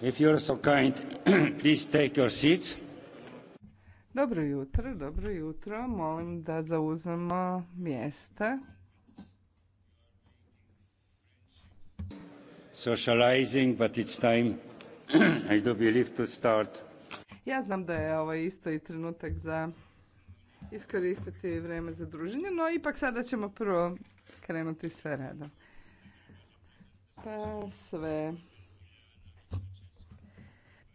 if Dobro jutro, dobro jutro. Molim da zauzmemo mjesta. Socializing, but it's time, I do start. Ja znam da je ovo isto i trenutak za iskoristiti vrijeme za druženje, no ipak sada ćemo prvo krenuti sve radom. Pa sve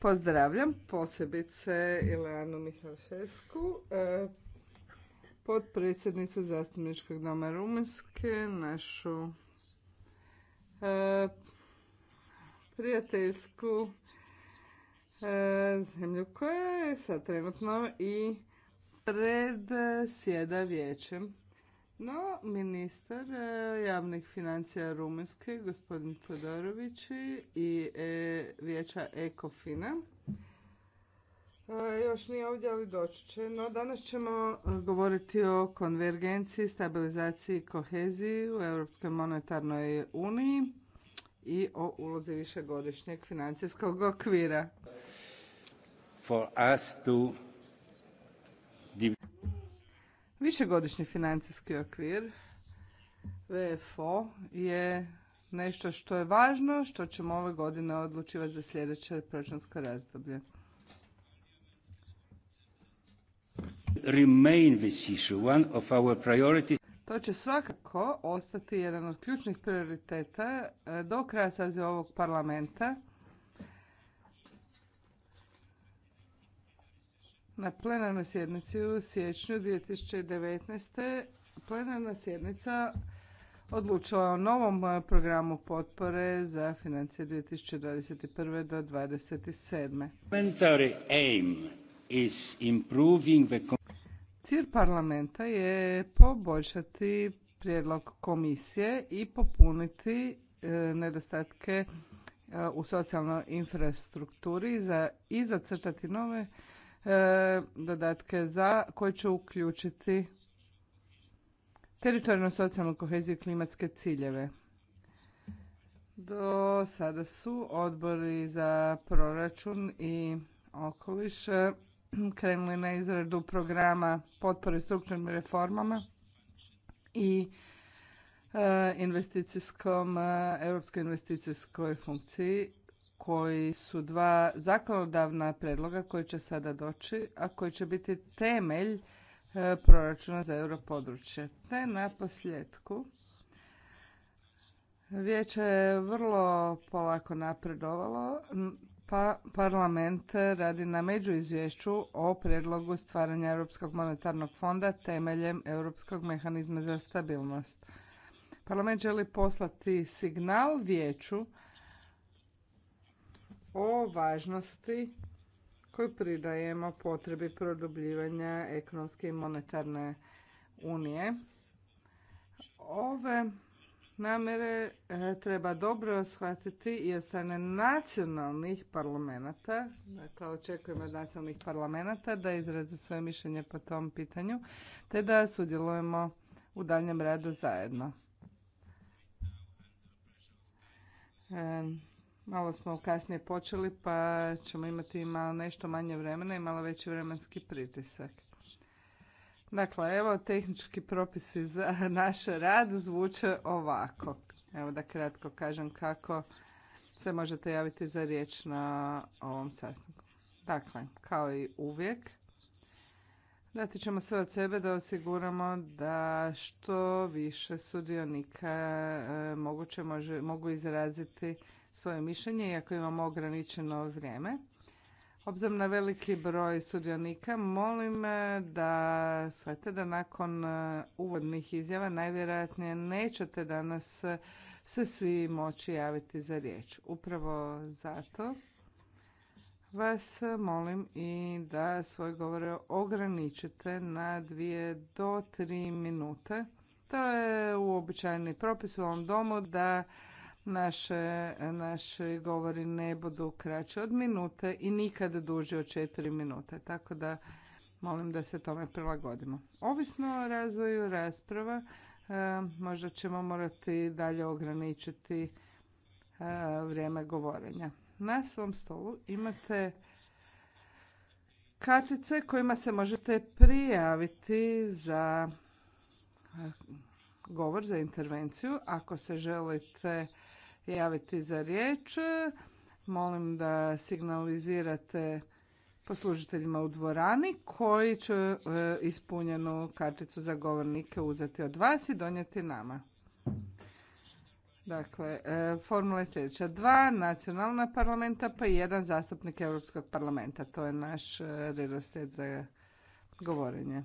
Pozdravljam posebice Ileanu Mihalšesku, e, potpredsjednicu zastupničkog doma Rumunjske, našu e, prijateljsku e, zemlju koja je sad trenutno i pred sjeda vijećem. No, ministar e, javnih financija Rumunjske, gospodin Todorović i e, vijeća Ekofina, e, još nije ovdje, ali doći će. No, danas ćemo govoriti o konvergenciji, stabilizaciji i koheziji u Europskoj monetarnoj uniji i o ulozi višegodišnjeg financijskog okvira. For us Višegodišnji financijski okvir VFO je nešto što je važno, što ćemo ove godine odlučivati za sljedeće proračunsko razdoblje. To će svakako ostati jedan od ključnih prioriteta eh, do kraja saziva ovog parlamenta Na plenarnoj sjednici u siječnju 2019. plenarna sjednica odlučila o novom e, programu potpore za financije 2021. do 2027. Cilj parlamenta je poboljšati prijedlog komisije i popuniti e, nedostatke e, u socijalnoj infrastrukturi i zacrtati nove E, dodatke za koji će uključiti teritorijalnu socijalnu koheziju i klimatske ciljeve. Do sada su odbori za proračun i okoliš e, krenuli na izradu programa potpore strukturnim reformama i e, investicijskom, europskoj investicijskoj funkciji koji su dva zakonodavna predloga koji će sada doći, a koji će biti temelj e, proračuna za europodručje. Te na posljedku Vijeće je vrlo polako napredovalo, pa parlament radi na međuizvješću o predlogu stvaranja Europskog monetarnog fonda temeljem Europskog mehanizma za stabilnost. Parlament želi poslati signal vijeću o važnosti koju pridajemo potrebi produbljivanja ekonomske i monetarne unije. Ove namjere e, treba dobro shvatiti i od strane nacionalnih parlamenta. Dakle, očekujemo od nacionalnih parlamenta da izraze svoje mišljenje po tom pitanju, te da sudjelujemo u daljem radu zajedno. E, Malo smo kasnije počeli pa ćemo imati malo nešto manje vremena i malo veći vremenski pritisak. Dakle, evo tehnički propisi za naš rad zvuče ovako. Evo da kratko kažem kako se možete javiti za riječ na ovom sastanku. Dakle, kao i uvijek, dati ćemo sve od sebe da osiguramo da što više sudionika e, moguće mogu izraziti svoje mišljenje, iako imamo ograničeno vrijeme. Obzirom na veliki broj sudionika, molim e, da shvate da nakon e, uvodnih izjava najvjerojatnije nećete danas e, se svi moći javiti za riječ. Upravo zato vas molim i da svoje govore ograničite na dvije do tri minute. To je uobičajeni propis u ovom domu da naše, govori ne budu kraći od minute i nikad duži od četiri minute. Tako da molim da se tome prilagodimo. Ovisno o razvoju rasprava, e, možda ćemo morati dalje ograničiti e, vrijeme govorenja. Na svom stolu imate kartice kojima se možete prijaviti za e, govor, za intervenciju. Ako se želite javiti za riječ. Molim da signalizirate poslužiteljima u dvorani koji će e, ispunjenu karticu za govornike uzeti od vas i donijeti nama. Dakle, e, formula je sljedeća. Dva nacionalna parlamenta pa jedan zastupnik Europskog parlamenta. To je naš e, redoslijed za govorenje.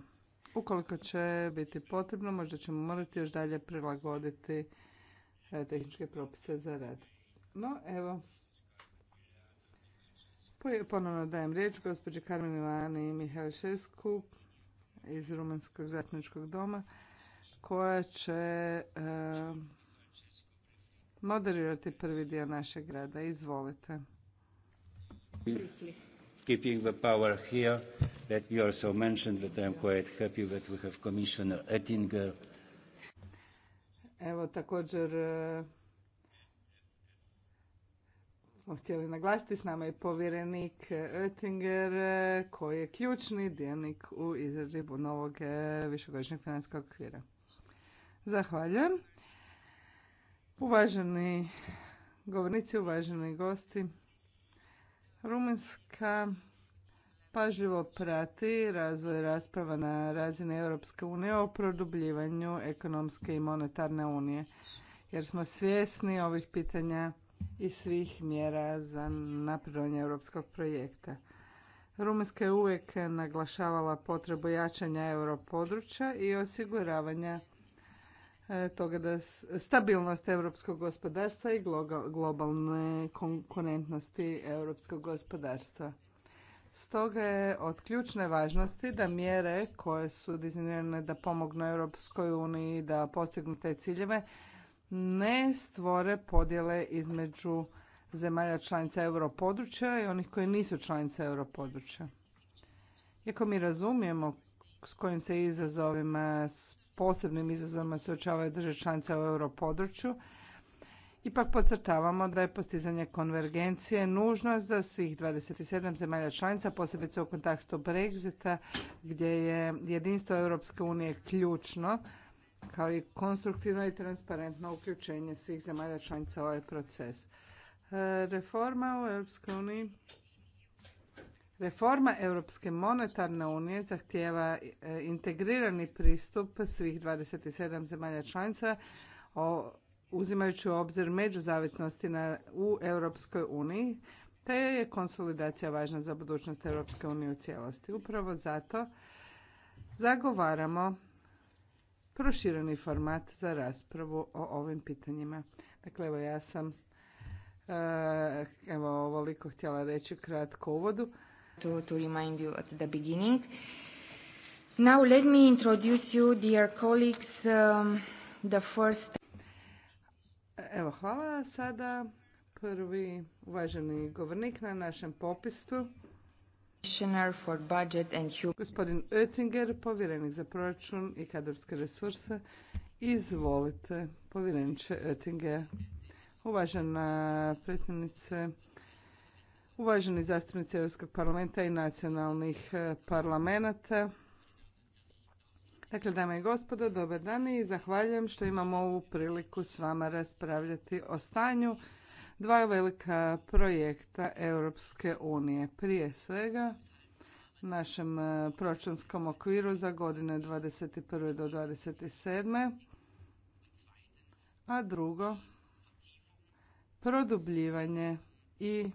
Ukoliko će biti potrebno, možda ćemo morati još dalje prilagoditi E, tehničke propise za rad. No, evo, ponovno dajem riječ gospođi Karmen Ivani i Mihael Šesku iz Rumanskog zastupničkog doma koja će e, moderirati prvi dio našeg grada. Izvolite. Keeping the power here, that you also mentioned that I'm quite happy that we have Commissioner Ettinger Evo također e, smo htjeli naglasiti s nama je povjerenik Oettinger e, koji je ključni dionik u izradi novog e, višegodišnjeg financijskog okvira. Zahvaljujem. Uvaženi govornici, uvaženi gosti, Rumunjska pažljivo prati razvoj rasprava na razini Europske unije o produbljivanju ekonomske i monetarne unije. Jer smo svjesni ovih pitanja i svih mjera za napredovanje europskog projekta. Rumunjska je uvijek naglašavala potrebu jačanja europodručja i osiguravanja e, toga da stabilnost europskog gospodarstva i globalne konkurentnosti europskog gospodarstva. Stoga je od ključne važnosti da mjere koje su dizajnirane da pomognu Europskoj uniji da postignu te ciljeve ne stvore podjele između zemalja članica europodručja i onih koji nisu članice europodručja. Iako mi razumijemo s kojim se izazovima, s posebnim izazovima suočavaju države članice u europodručju, Ipak podcrtavamo da je postizanje konvergencije nužnost za svih 27 zemalja članica, posebice u kontekstu Brexita, gdje je jedinstvo Europske unije ključno, kao i konstruktivno i transparentno uključenje svih zemalja članica u ovaj proces. E, reforma u Europskoj uniji Reforma Europske monetarne unije zahtijeva e, integrirani pristup svih 27 zemalja članica o uzimajući u obzir međuzavisnosti na, u Europskoj uniji, te je konsolidacija važna za budućnost Europske unije u cijelosti. Upravo zato zagovaramo prošireni format za raspravu o ovim pitanjima. Dakle, evo ja sam eh, evo ovoliko htjela reći kratko uvodu. To, to remind you at the beginning. Now let me introduce you, dear colleagues, um, the first Evo, hvala. Sada prvi uvaženi govornik na našem popistu. budget Gospodin Oettinger, povjerenik za proračun i kadrovske resurse. Izvolite, povjereniče Oettinger. Uvažena predsjednice, uvaženi zastupnici Europskog parlamenta i nacionalnih eh, parlamenta, Dakle, dame i gospodo, dobar dan i zahvaljujem što imamo ovu priliku s vama raspravljati o stanju dva velika projekta Europske unije. Prije svega, našem e, pročanskom okviru za godine 21. do 27. A drugo, produbljivanje i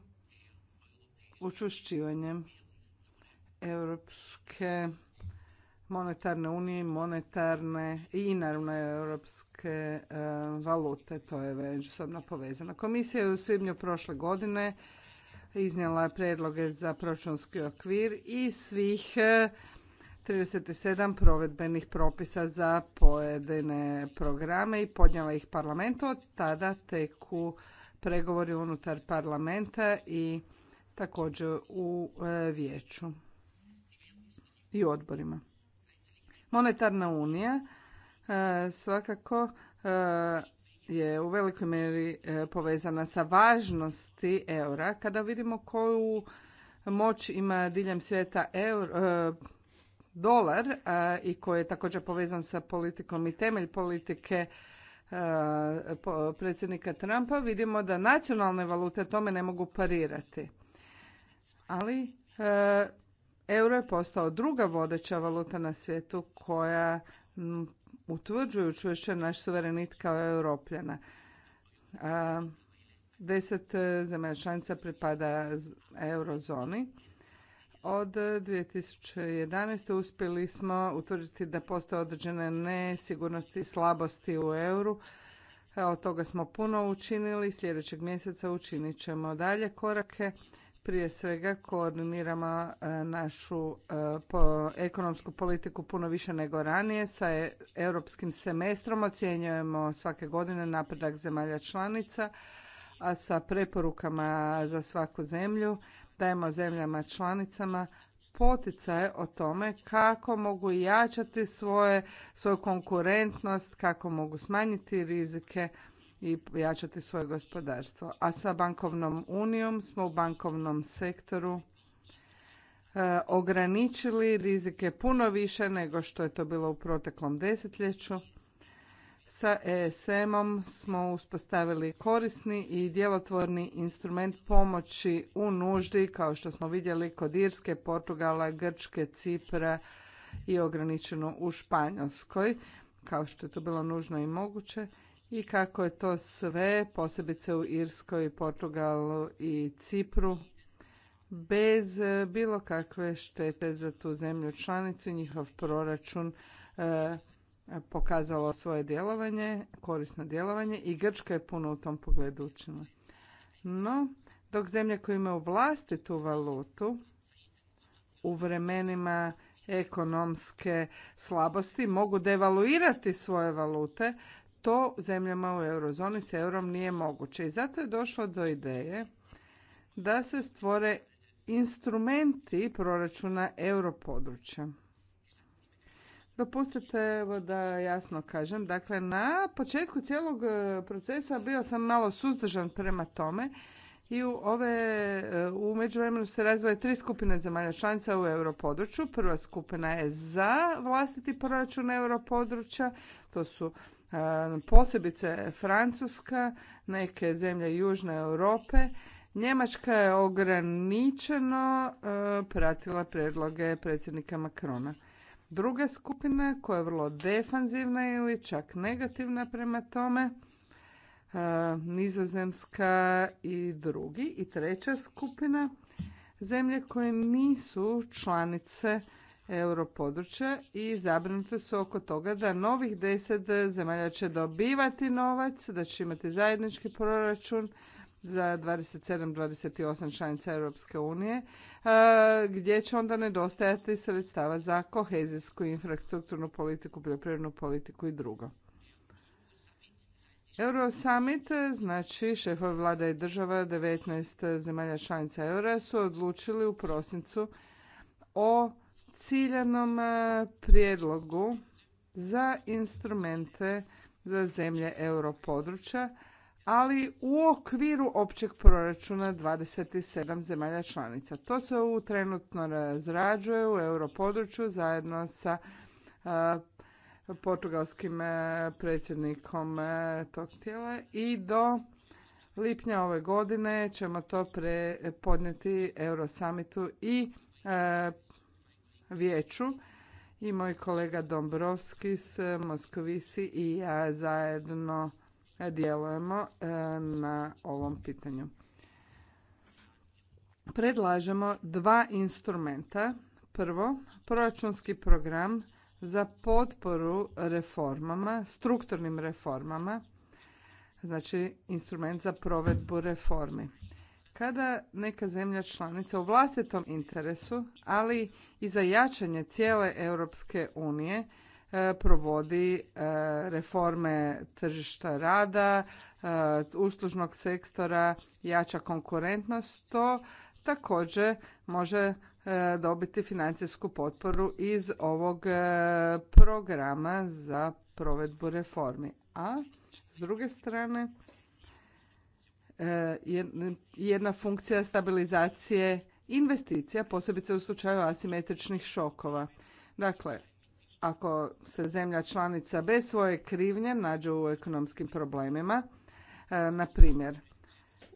učušćivanje europske monetarne unije, monetarne i naravno europske eh, valute. To je međusobno povezano. Komisija je u svibnju prošle godine iznijela predloge za proračunski okvir i svih 37 eh, provedbenih propisa za pojedine programe i podnijela ih parlamentu. Od tada teku pregovori unutar parlamenta i također u eh, vijeću i odborima. Monetarna unija e, svakako e, je u velikoj mjeri e, povezana sa važnosti eura. Kada vidimo koju moć ima diljem svijeta dolar i koji je također povezan sa politikom i temelj politike predsjednika Trumpa, vidimo da nacionalne valute tome ne mogu parirati. Ali euro je postao druga vodeća valuta na svijetu koja utvrđuju naš suverenit kao europljana. Deset e, zemlja članica pripada eurozoni. Od 2011. uspjeli smo utvrditi da postoje određene nesigurnosti i slabosti u euru. Od toga smo puno učinili. Sljedećeg mjeseca učinit ćemo dalje korake prije svega koordiniramo e, našu e, ekonomsku politiku puno više nego ranije sa e, europskim semestrom ocjenjujemo svake godine napredak zemalja članica a sa preporukama za svaku zemlju dajemo zemljama članicama poticaje o tome kako mogu jačati svoje, svoju konkurentnost kako mogu smanjiti rizike i jačati svoje gospodarstvo. A sa bankovnom unijom smo u bankovnom sektoru e, ograničili rizike puno više nego što je to bilo u proteklom desetljeću. Sa ESM-om smo uspostavili korisni i djelotvorni instrument pomoći u nuždi, kao što smo vidjeli kod Irske, Portugala, Grčke, Cipra i ograničeno u Španjolskoj, kao što je to bilo nužno i moguće i kako je to sve, posebice u Irskoj, Portugalu i Cipru, bez bilo kakve štete za tu zemlju članicu i njihov proračun e, pokazalo svoje djelovanje, korisno djelovanje i Grčka je puno u tom pogledu učinila. No, dok zemlje koje imaju vlastitu valutu u vremenima ekonomske slabosti mogu devaluirati svoje valute, to zemljama u eurozoni s eurom nije moguće. I zato je došlo do ideje da se stvore instrumenti proračuna europodručja. Dopustite evo da jasno kažem. Dakle, na početku cijelog e, procesa bio sam malo suzdržan prema tome i u ove, e, u međuvremenu se razvile tri skupine zemalja članica u europodručju. Prva skupina je za vlastiti proračun europodručja, to su posebice Francuska, neke zemlje Južne Europe. Njemačka je ograničeno e, pratila predloge predsjednika Makrona. Druga skupina koja je vrlo defanzivna ili čak negativna prema tome, e, Nizozemska i drugi. I treća skupina, zemlje koje nisu članice europodručja i zabrinute su oko toga da novih deset zemalja će dobivati novac, da će imati zajednički proračun za 27-28 članica Europske unije, e, gdje će onda nedostajati sredstava za kohezijsku infrastrukturnu politiku, poljoprivrednu politiku i drugo. Euro summit, znači šefovi vlada i država 19 zemalja članica eura su odlučili u prosincu o ciljanom e, prijedlogu za instrumente za zemlje europodručja, ali u okviru općeg proračuna 27 zemalja članica. To se u trenutno razrađuje u europodručju zajedno sa e, portugalskim e, predsjednikom tog tijela i do lipnja ove godine ćemo to podnijeti Eurosamitu i vijeću i moj kolega Dombrovski s Moskovisi i ja zajedno djelujemo e, na ovom pitanju. Predlažemo dva instrumenta. Prvo, proračunski program za potporu reformama, strukturnim reformama, znači instrument za provedbu reformi kada neka zemlja članica u vlastitom interesu, ali i za jačanje cijele Europske unije e, provodi e, reforme tržišta rada, e, uslužnog sektora, jača konkurentnost, to također može dobiti financijsku potporu iz ovog programa za provedbu reformi. A s druge strane, jedna funkcija stabilizacije investicija, posebice u slučaju asimetričnih šokova. Dakle, ako se zemlja članica bez svoje krivnje nađe u ekonomskim problemima, e, na primjer,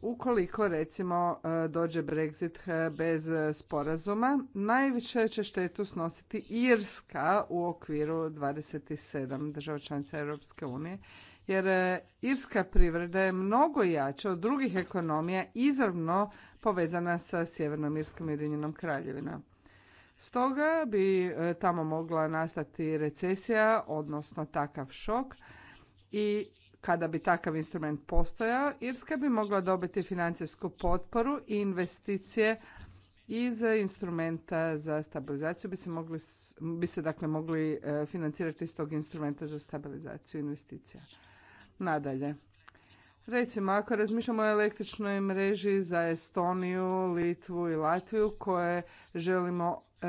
ukoliko recimo e, dođe Brexit e, bez sporazuma, najviše će štetu snositi Irska u okviru 27 država članica Europske unije jer e, irska privreda je mnogo jača od drugih ekonomija izravno povezana sa Sjevernom Irskom i Ujedinjenom kraljevinom. Stoga bi e, tamo mogla nastati recesija, odnosno takav šok i kada bi takav instrument postojao, Irska bi mogla dobiti financijsku potporu i investicije iz instrumenta za stabilizaciju bi se, mogli, bi se dakle mogli e, financirati iz tog instrumenta za stabilizaciju investicija. Nadalje, recimo ako razmišljamo o električnoj mreži za Estoniju, Litvu i Latviju koje želimo e,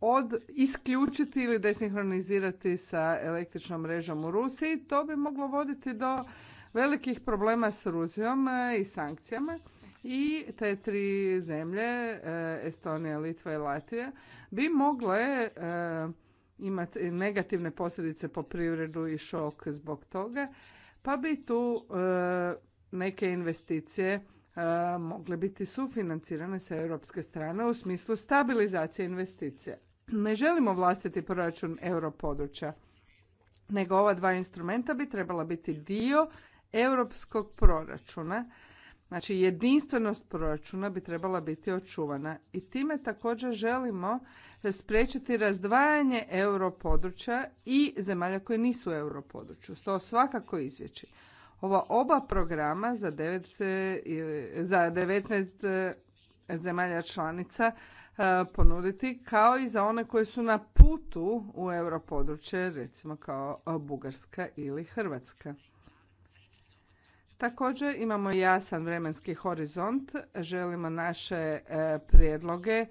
od isključiti ili desinhronizirati sa električnom mrežom u Rusiji, to bi moglo voditi do velikih problema s Rusijom e, i sankcijama i te tri zemlje, e, Estonija, Litva i Latvija, bi mogle e, imati negativne posljedice po privredu i šok zbog toga, pa bi tu e, neke investicije e, mogle biti sufinancirane sa europske strane u smislu stabilizacije investicija. Ne želimo vlastiti proračun europodručja, nego ova dva instrumenta bi trebala biti dio europskog proračuna Znači jedinstvenost proračuna bi trebala biti očuvana i time također želimo spriječiti razdvajanje europodručja i zemalja koje nisu u europodručju. To svakako izvjeći. Ova oba programa za, 9, za 19 e, zemalja članica e, ponuditi kao i za one koje su na putu u europodručje, recimo kao Bugarska ili Hrvatska. Također imamo jasan vremenski horizont, želimo naše e, prijedloge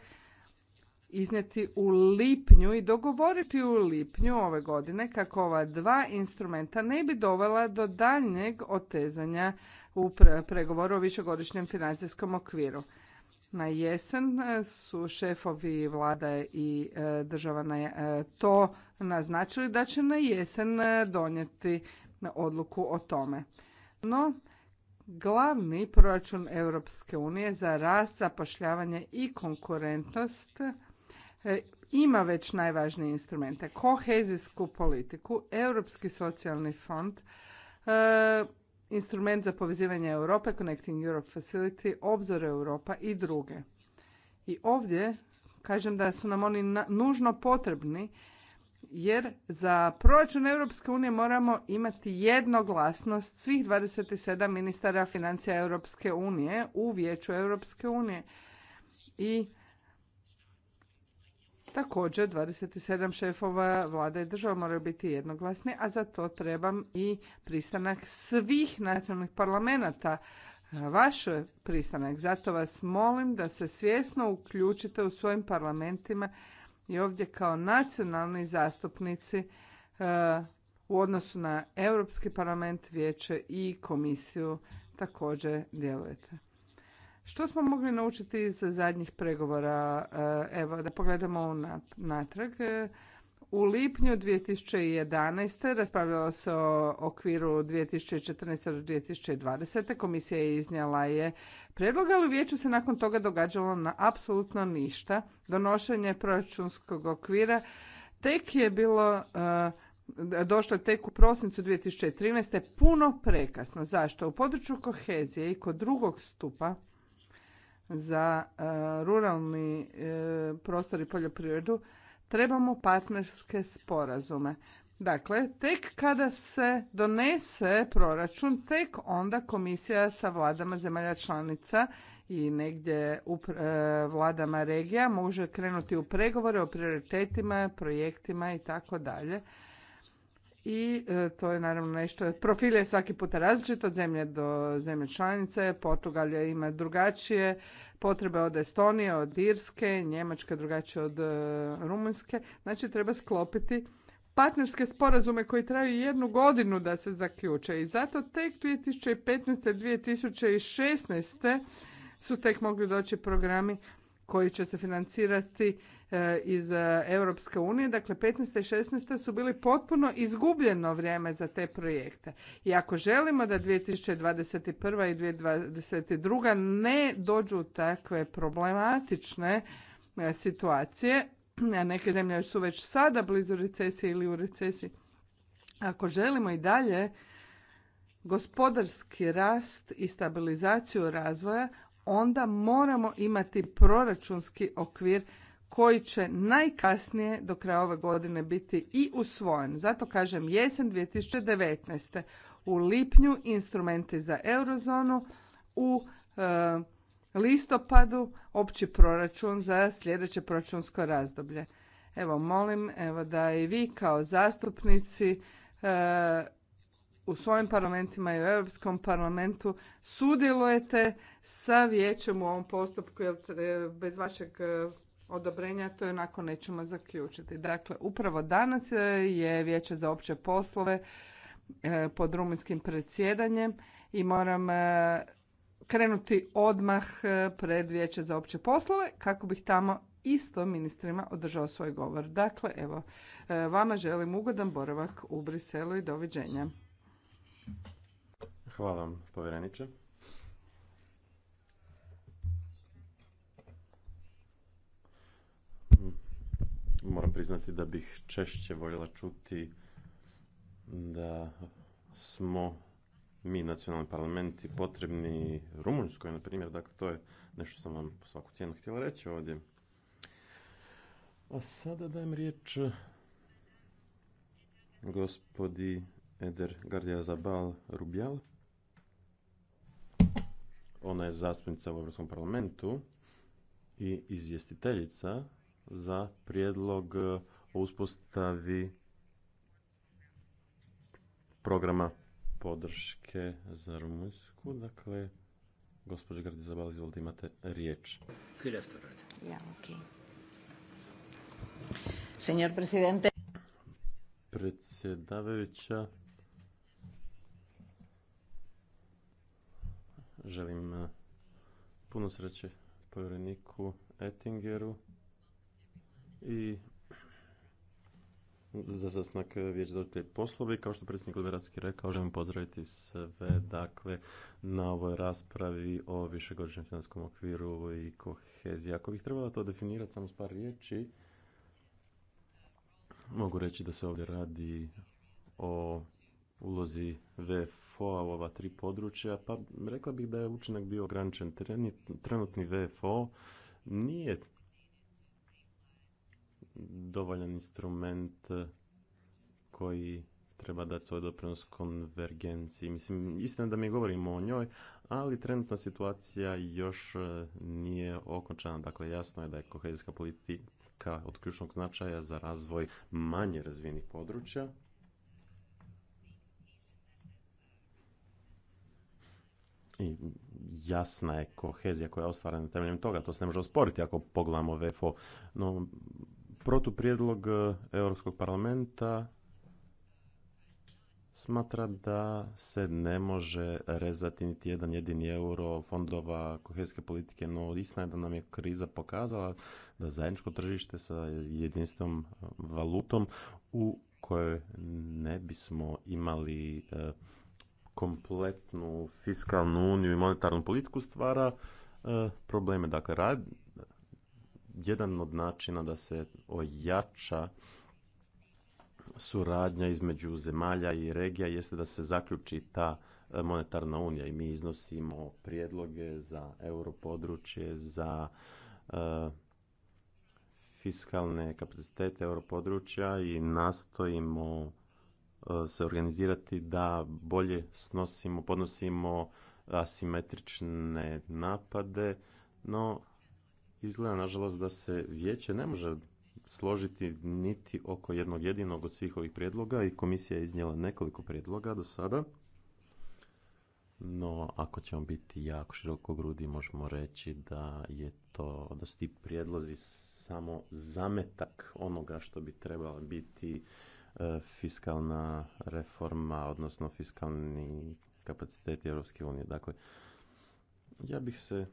iznijeti u lipnju i dogovoriti u lipnju ove godine kako ova dva instrumenta ne bi dovela do daljnjeg otezanja u pregovoru o višegodišnjem financijskom okviru. Na jesen e, su šefovi vlada i e, država to naznačili da će na jesen donijeti odluku o tome. No, glavni proračun Europske unije za rast, zapošljavanje i konkurentnost e, ima već najvažnije instrumente. Kohezijsku politiku, Europski socijalni fond, e, instrument za povezivanje Europe, Connecting Europe Facility, Obzor Europa i druge. I ovdje kažem da su nam oni nužno potrebni jer za proračun Europske unije moramo imati jednoglasnost svih 27 ministara financija Europske unije u vijeću Europske unije i također 27 šefova vlada i država moraju biti jednoglasni, a za to trebam i pristanak svih nacionalnih parlamenta vaš pristanak. Zato vas molim da se svjesno uključite u svojim parlamentima i ovdje kao nacionalni zastupnici e, u odnosu na Europski parlament, vijeće i komisiju također djelujete. Što smo mogli naučiti iz zadnjih pregovora? E, evo, da pogledamo natrag. U lipnju 2011. raspravljalo se o okviru 2014. do 2020. Komisija je iznijela je predlog, ali u vijeću se nakon toga događalo na apsolutno ništa. Donošenje proračunskog okvira tek je bilo e, došlo tek u prosincu 2013. puno prekasno. Zašto? U području kohezije i kod drugog stupa za e, ruralni e, prostor i poljoprivredu trebamo partnerske sporazume. Dakle, tek kada se donese proračun, tek onda komisija sa vladama zemalja članica i negdje u e, vladama regija može krenuti u pregovore o prioritetima, projektima i tako dalje i e, to je naravno nešto, profil je svaki puta različit od zemlje do zemlje članice, Portugal je ima drugačije potrebe od Estonije, od Irske, Njemačka drugačije od e, Rumunjske, znači treba sklopiti partnerske sporazume koji traju jednu godinu da se zaključe i zato tek 2015. 2016. su tek mogli doći programi koji će se financirati E, iz e, Europske unije, dakle 15. i 16. su bili potpuno izgubljeno vrijeme za te projekte. I ako želimo da 2021. i 2022. ne dođu takve problematične e, situacije, a neke zemlje su već sada blizu recesije ili u recesiji, ako želimo i dalje gospodarski rast i stabilizaciju razvoja, onda moramo imati proračunski okvir koji će najkasnije do kraja ove godine biti i usvojen. Zato kažem jesen 2019. U lipnju instrumenti za eurozonu, u e, listopadu opći proračun za sljedeće proračunsko razdoblje. Evo molim evo da i vi kao zastupnici e, u svojim parlamentima i u Europskom parlamentu sudjelujete sa vijećem u ovom postupku jer e, bez vašeg odobrenja, to je onako nećemo zaključiti. Dakle, upravo danas je Vijeće za opće poslove e, pod rumunjskim predsjedanjem i moram e, krenuti odmah e, pred Vijeće za opće poslove kako bih tamo isto ministrima održao svoj govor. Dakle, evo, vama želim ugodan boravak u Briselu i doviđenja. Hvala vam, povjereniče. moram priznati da bih češće voljela čuti da smo mi nacionalni parlamenti potrebni Rumunjskoj, na primjer, dakle to je nešto sam vam po svaku cijenu htjela reći ovdje. A sada dajem riječ gospodi Eder Gardija Zabal Rubjal. Ona je zastupnica u Europskom parlamentu i izvjestiteljica za prijedlog e, o uspostavi programa podrške za Rumunjsku. Dakle, gospođa Gardizabal, izvolite, imate riječ. Ja, Predsjedavajuća, želim e, puno sreće povjereniku Ettingeru i za zasnak vijeća za poslove, Kao što predsjednik Liberatski rekao, želim pozdraviti sve dakle, na ovoj raspravi o višegodišnjem financijskom okviru i koheziji. Ako bih trebala to definirati samo s par riječi, mogu reći da se ovdje radi o ulozi VFO-a u ova tri područja, pa rekla bih da je učinak bio ograničen. Trenutni VFO nije dovoljan instrument eh, koji treba dati svoj doprinos konvergenciji. Mislim, istina da mi govorimo o njoj, ali trenutna situacija još eh, nije okončana. Dakle, jasno je da je kohezijska politika od ključnog značaja za razvoj manje razvijenih područja. I jasna je kohezija koja je ostvarena temeljem toga, to se ne može osporiti ako pogledamo VFO. No, protuprijedlog e, Europskog parlamenta smatra da se ne može rezati niti jedan jedini euro fondova kohezijske politike, no istina je da nam je kriza pokazala da zajedničko tržište sa jedinstvom e, valutom u kojoj ne bismo imali e, kompletnu fiskalnu uniju i monetarnu politiku stvara probleme. Dakle, jedan od načina da se ojača suradnja između zemalja i regija jeste da se zaključi ta e, monetarna unija i mi iznosimo prijedloge za europodručje, za e, fiskalne kapacitete europodručja i nastojimo e, se organizirati da bolje snosimo, podnosimo asimetrične napade, no izgleda nažalost da se vijeće ne može složiti niti oko jednog jedinog od svih ovih prijedloga i komisija je iznijela nekoliko prijedloga do sada. No, ako ćemo biti jako široko grudi, možemo reći da je to, da su ti prijedlozi samo zametak onoga što bi trebala biti e, fiskalna reforma, odnosno fiskalni kapaciteti Europske unije. Dakle, ja bih se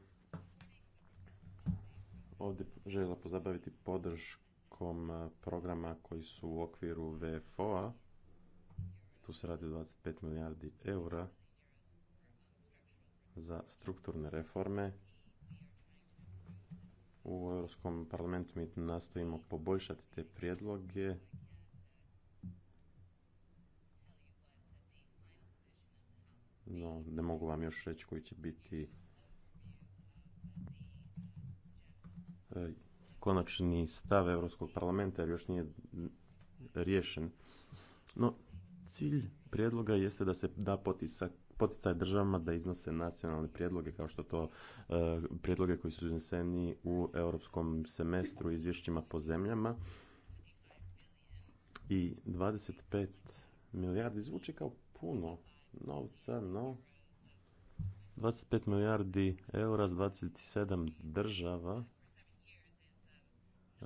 ovdje željela pozabaviti podrškom e, programa koji su u okviru VFO-a. Tu se radi o 25 milijardi eura za strukturne reforme. U Europskom parlamentu mi nastojimo poboljšati te prijedloge. No, ne mogu vam još reći koji će biti E, konačni stav Europskog parlamenta jer još nije riješen. No, cilj prijedloga jeste da se da poticaj državama da iznose nacionalne prijedloge kao što to e, prijedloge koji su izneseni u europskom semestru izvješćima po zemljama i 25 milijardi zvuči kao puno novca, no 25 milijardi eura s 27 država E,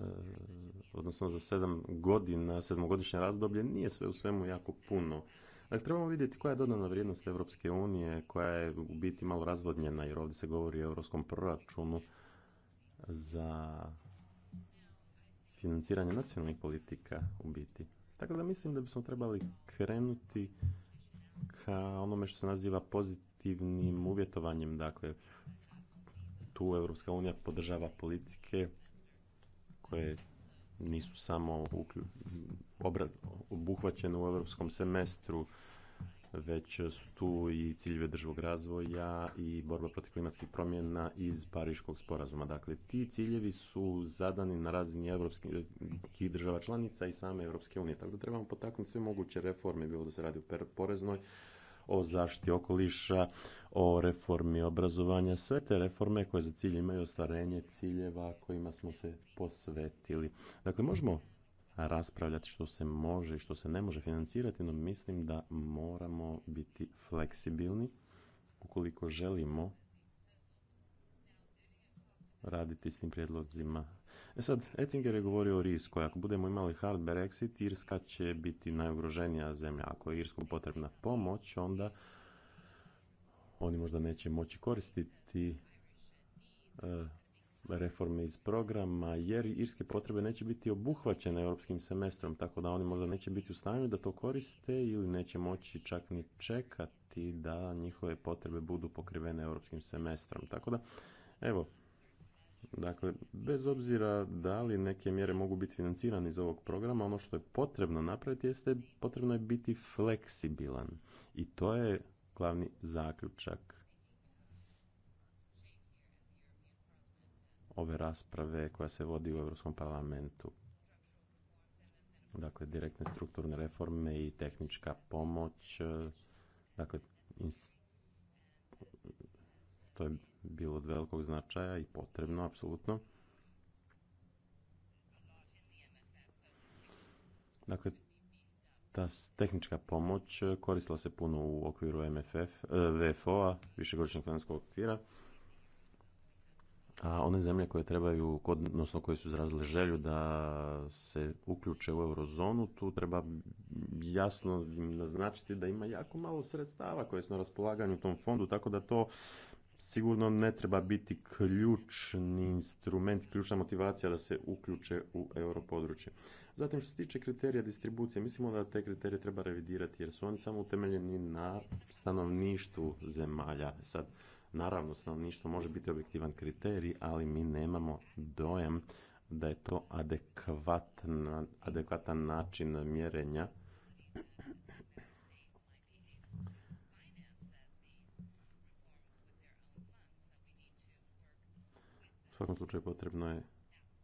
odnosno za sedam godina, sedmogodišnje razdoblje, nije sve u svemu jako puno. Dakle, trebamo vidjeti koja je dodana vrijednost Evropske unije, koja je u biti malo razvodnjena, jer ovdje se govori o europskom proračunu za financiranje nacionalnih politika u biti. Tako da mislim da bismo trebali krenuti ka onome što se naziva pozitivnim uvjetovanjem. Dakle, tu Europska unija podržava politike koje nisu samo obuhvaćene u europskom semestru, već su tu i ciljevi državog razvoja i borba protiv klimatskih promjena iz Pariškog sporazuma. Dakle, ti ciljevi su zadani na razini evropskih država članica i same Europske unije. Tako da trebamo potaknuti sve moguće reforme, bilo da se radi o poreznoj o zaštiti okoliša, o reformi obrazovanja, sve te reforme koje za cilj imaju ostvarenje ciljeva kojima smo se posvetili. Dakle, možemo raspravljati što se može i što se ne može financirati, no mislim da moramo biti fleksibilni ukoliko želimo raditi s tim prijedlozima E sad, Ettinger je govorio o risku. Ako budemo imali hard Brexit, Irska će biti najugroženija zemlja. Ako je Irskom potrebna pomoć, onda oni možda neće moći koristiti e, reforme iz programa, jer irske potrebe neće biti obuhvaćene europskim semestrom, tako da oni možda neće biti u stanju da to koriste ili neće moći čak ni čekati da njihove potrebe budu pokrivene europskim semestrom. Tako da, evo, Dakle, bez obzira da li neke mjere mogu biti financirane iz ovog programa, ono što je potrebno napraviti jeste potrebno je biti fleksibilan. I to je glavni zaključak ove rasprave koja se vodi u Europskom parlamentu. Dakle, direktne strukturne reforme i tehnička pomoć. Eh, dakle, to je bilo od velikog značaja i potrebno, apsolutno. Dakle, ta tehnička pomoć e, koristila se puno u okviru MFF, e, VFO-a, višegodišnjeg finanskog okvira. A one zemlje koje trebaju, odnosno koje su izrazile želju da se uključe u eurozonu, tu treba jasno naznačiti da ima jako malo sredstava koje su na raspolaganju u tom fondu, tako da to sigurno ne treba biti ključni instrument, ključna motivacija da se uključe u europodručje. Zatim što se tiče kriterija distribucije, mislimo da te kriterije treba revidirati jer su oni samo utemeljeni na stanovništvu zemalja. Sad, naravno, stanovništvo može biti objektivan kriterij, ali mi nemamo dojam da je to adekvatan, adekvatan način mjerenja svakom slučaju potrebno je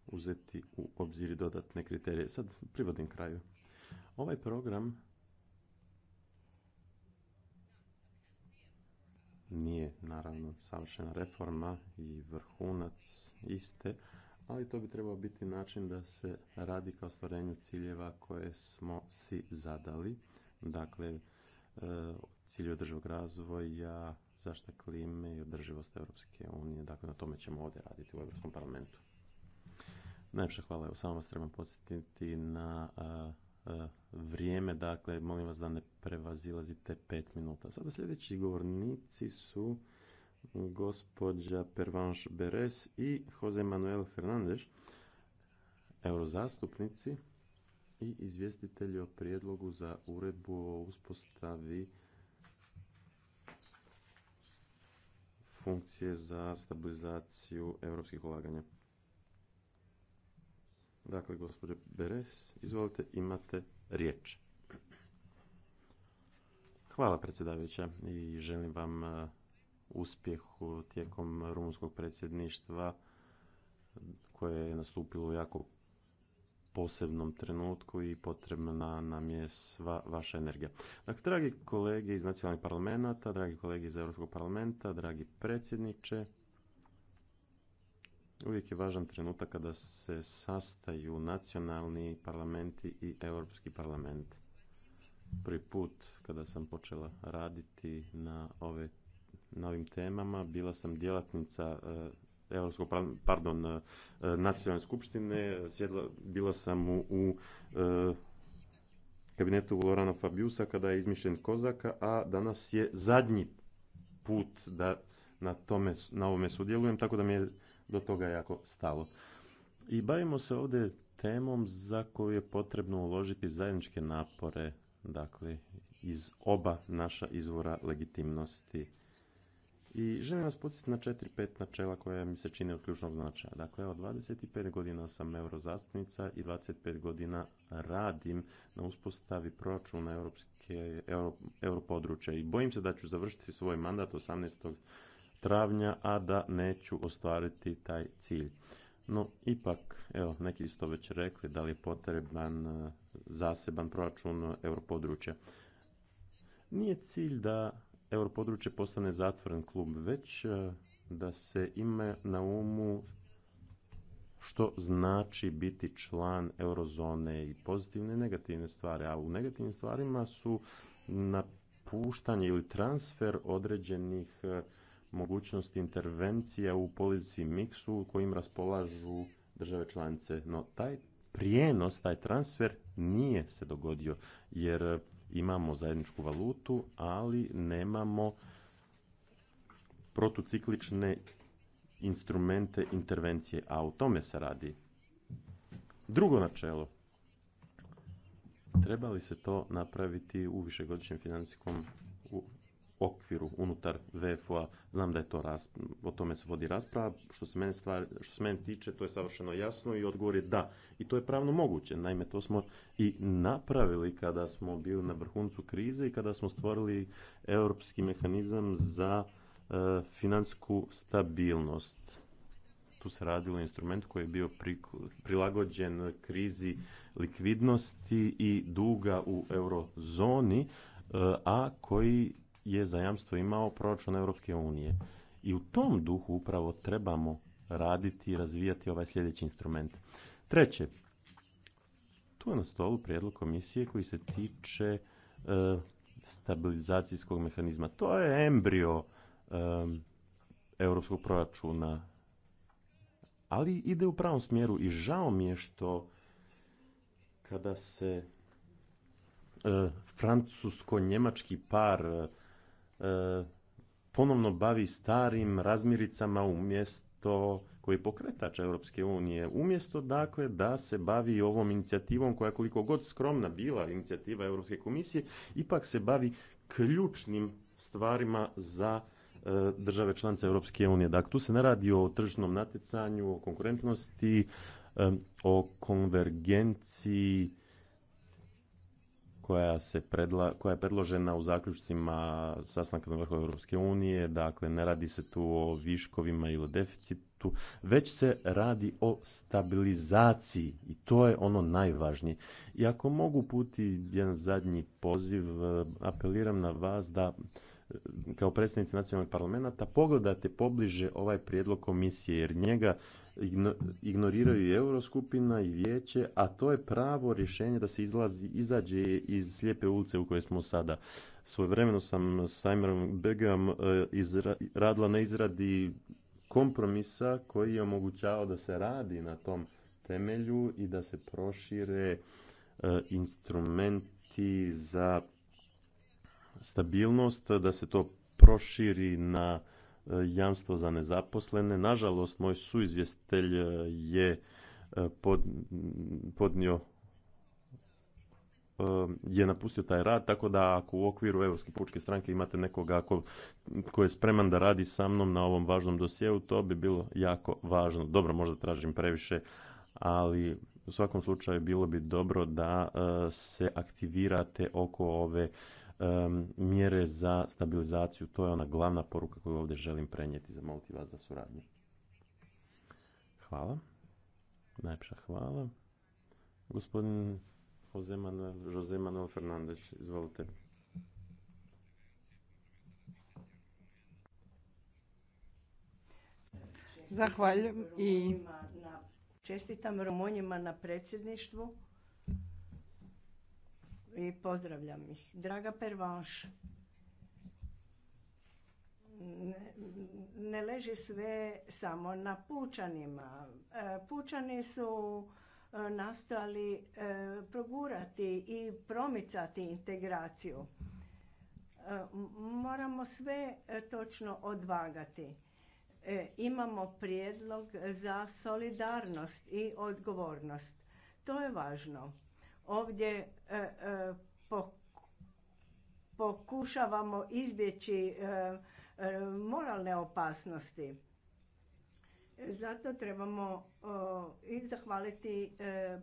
uzeti u obzir dodatne kriterije. Sad privodim kraju. Ovaj program nije naravno savršena reforma i vrhunac iste, ali to bi trebao biti način da se radi ka ostvarenju ciljeva koje smo si zadali. Dakle, e, cilje održivog razvoja, zaštite klime i održivost Europske unije. Dakle, na tome ćemo ovdje raditi u Europskom parlamentu. Najljepša hvala. Evo, samo vas trebam podsjetiti na vrijeme. Dakle, molim vas da ne prevazilazite pet minuta. Sada sljedeći govornici su gospođa Pervanš Beres i Jose Manuel Fernandez, eurozastupnici i izvjestitelji o prijedlogu za uredbu o uspostavi funkcije za stabilizaciju europskih ulaganja. Dakle, gospođo Beres, izvolite, imate riječ. Hvala predsjedavajuća i želim vam e, uspjehu tijekom rumunskog predsjedništva koje je nastupilo jako posebnom trenutku i potrebna nam je sva vaša energija. Dakle, dragi kolege iz nacionalnih parlamenta, dragi kolege iz Europskog parlamenta, dragi predsjedniče, uvijek je važan trenutak kada se sastaju nacionalni parlamenti i Europski parlament. Prvi put kada sam počela raditi na, ove, na ovim temama, bila sam djelatnica e, Europskog, pardon, e, nacionalne skupštine, sjedla, bila sam u, u e, kabinetu Lorana Fabiusa kada je izmišljen Kozaka, a danas je zadnji put da na, tome, na ovome sudjelujem, tako da mi je do toga jako stalo. I bavimo se ovdje temom za koju je potrebno uložiti zajedničke napore, dakle, iz oba naša izvora legitimnosti. I želim vas podsjetiti na 4-5 načela koja mi se čine od ključnog značaja. Dakle, evo, 25 godina sam eurozastupnica i 25 godina radim na uspostavi proračuna europske, europodručja. I bojim se da ću završiti svoj mandat 18. travnja, a da neću ostvariti taj cilj. No, ipak, evo, neki su to već rekli, da li je potreban eh, zaseban proračun europodručja. Nije cilj da europodručje postane zatvoren klub, već e, da se ime na umu što znači biti član eurozone i pozitivne i negativne stvari. A u negativnim stvarima su napuštanje ili transfer određenih e, mogućnosti intervencija u polizici miksu kojim raspolažu države članice. No taj prijenos, taj transfer nije se dogodio jer imamo zajedničku valutu, ali nemamo protuciklične instrumente intervencije, a o tome se radi. Drugo načelo. Treba li se to napraviti u višegodišnjem financijskom okviru unutar VFO-a. Znam da je to o tome se vodi rasprava. Što se, mene što se mene tiče, to je savršeno jasno i odgovor je da. I to je pravno moguće. Naime, to smo i napravili kada smo bili na vrhuncu krize i kada smo stvorili europski mehanizam za e, financijsku stabilnost. Tu se radilo instrument koji je bio prilagođen krizi likvidnosti i duga u eurozoni, e, a koji je zajamstvo imao proračun Europske unije. I u tom duhu upravo trebamo raditi i razvijati ovaj sljedeći instrument. Treće, tu je na stolu prijedlog komisije koji se tiče e, stabilizacijskog mehanizma. To je embrio e, europskog proračuna, ali ide u pravom smjeru i žao mi je što kada se e, francusko-njemački par E, ponovno bavi starim razmiricama umjesto koji je pokretač Europske unije, umjesto dakle da se bavi ovom inicijativom koja koliko god skromna bila inicijativa Europske komisije, ipak se bavi ključnim stvarima za e, države članice Europske unije. Dakle, tu se ne radi o tržišnom natjecanju, o konkurentnosti, e, o konvergenciji koja, se predla, koja je predložena u zaključcima sastanka na vrhu Europske unije, dakle ne radi se tu o viškovima ili deficitu, već se radi o stabilizaciji i to je ono najvažnije. I ako mogu puti jedan zadnji poziv, e, apeliram na vas da e, kao predsjednici nacionalnih parlamenta pogledate pobliže ovaj prijedlog komisije jer njega ignoriraju i Euroskupina i vijeće, a to je pravo rješenje da se izlazi, izađe iz slijepe ulice u kojoj smo sada. Svoje vremeno sam s Saimerom Begom e, radila na izradi kompromisa koji je omogućavao da se radi na tom temelju i da se prošire e, instrumenti za stabilnost, da se to proširi na jamstvo za nezaposlene. Nažalost, moj suizvjestelj e, je e, pod, podnio e, je napustio taj rad, tako da ako u okviru Europske pučke stranke imate nekoga ko, je spreman da radi sa mnom na ovom važnom dosjeu, to bi bilo jako važno. Dobro, možda tražim previše, ali u svakom slučaju bilo bi dobro da se aktivirate oko ove mjere za stabilizaciju. To je ona glavna poruka koju ovdje želim prenijeti. Zamoliti vas za suradnju. Hvala. Najpša hvala. Gospodin Jose Manuel, Jose Manuel Fernandez, izvolite. Zahvaljujem i čestitam Romonjima na predsjedništvu i pozdravljam ih. Draga Pervanš, ne, leži sve samo na pučanima. E, pučani su e, nastali e, progurati i promicati integraciju. Moramo sve točno odvagati. Imamo prijedlog za solidarnost i odgovornost. To je važno Ovdje e, e, pokušavamo izbjeći e, moralne opasnosti. Zato trebamo i zahvaliti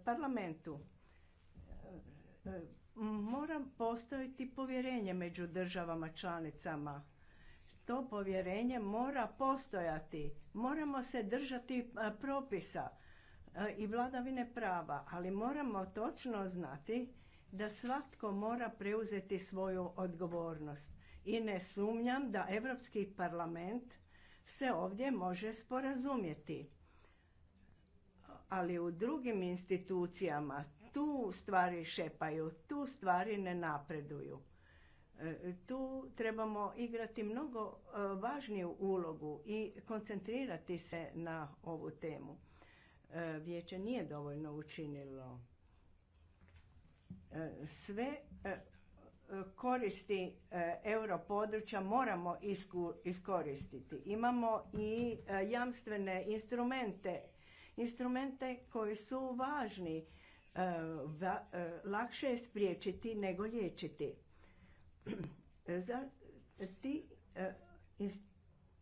parlamentu. Moram postojiti povjerenje među državama članicama. To povjerenje mora postojati. Moramo se držati propisa. E, i vladavine prava, ali moramo točno znati da svatko mora preuzeti svoju odgovornost. I ne sumnjam da Europski parlament se ovdje može sporazumjeti. Ali u drugim institucijama tu stvari šepaju, tu stvari ne napreduju. E, tu trebamo igrati mnogo e, važniju ulogu i koncentrirati se na ovu temu. E, vijeće nije dovoljno učinilo. E, sve e, koristi europodručja moramo iskoristiti. Imamo i jamstvene instrumente, instrumente koji su važni, lakše je spriječiti nego liječiti. ti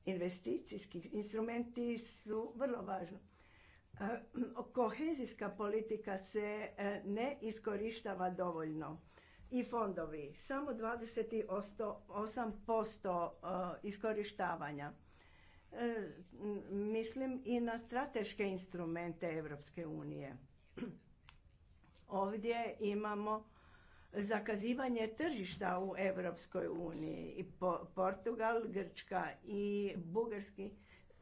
investicijski instrumenti su vrlo važni. E, kohezijska politika se e, ne iskorištava dovoljno i fondovi samo 28% e, iskorištavanja mislim i na strateške instrumente Europske unije ovdje imamo zakazivanje tržišta u Europskoj uniji i Portugal, Grčka i Bugarski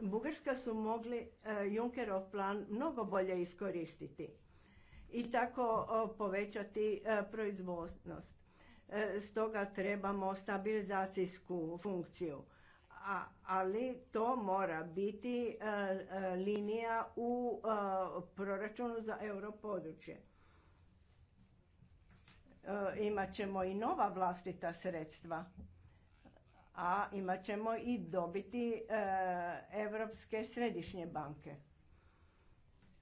Bugarska su mogli e, Junckerov plan mnogo bolje iskoristiti i tako povećati e, proizvodnost. E, stoga trebamo stabilizacijsku funkciju, ali to mora biti linija u proračunu za europodručje. Imat ćemo i nova vlastita sredstva a imat ćemo i dobiti Europske središnje banke.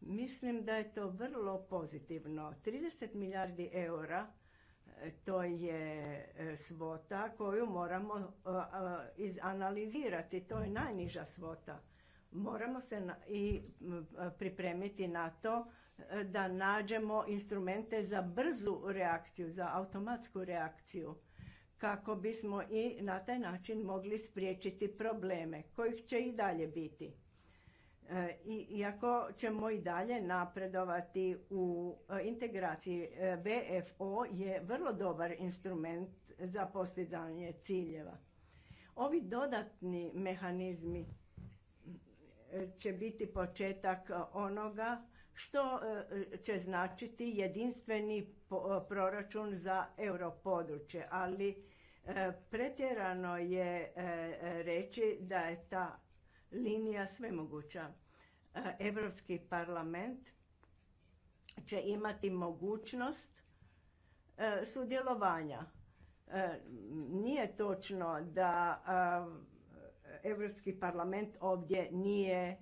Mislim da je to vrlo pozitivno. 30 milijardi eura e, to je e, svota koju moramo e, izanalizirati. To je najniža svota. Moramo se i pripremiti na to da nađemo instrumente za brzu reakciju, za automatsku reakciju kako bismo i na taj način mogli spriječiti probleme kojih će i dalje biti. E, I, iako ćemo i dalje napredovati u e, integraciji, BFO e, je vrlo dobar instrument za postizanje ciljeva. Ovi dodatni mehanizmi će biti početak onoga što e, e, će značiti jedinstveni e, proračun za europodručje, ali pretjerano je reći da je ta linija svemoguća. Europski parlament će imati mogućnost sudjelovanja. Nije točno da Europski parlament ovdje nije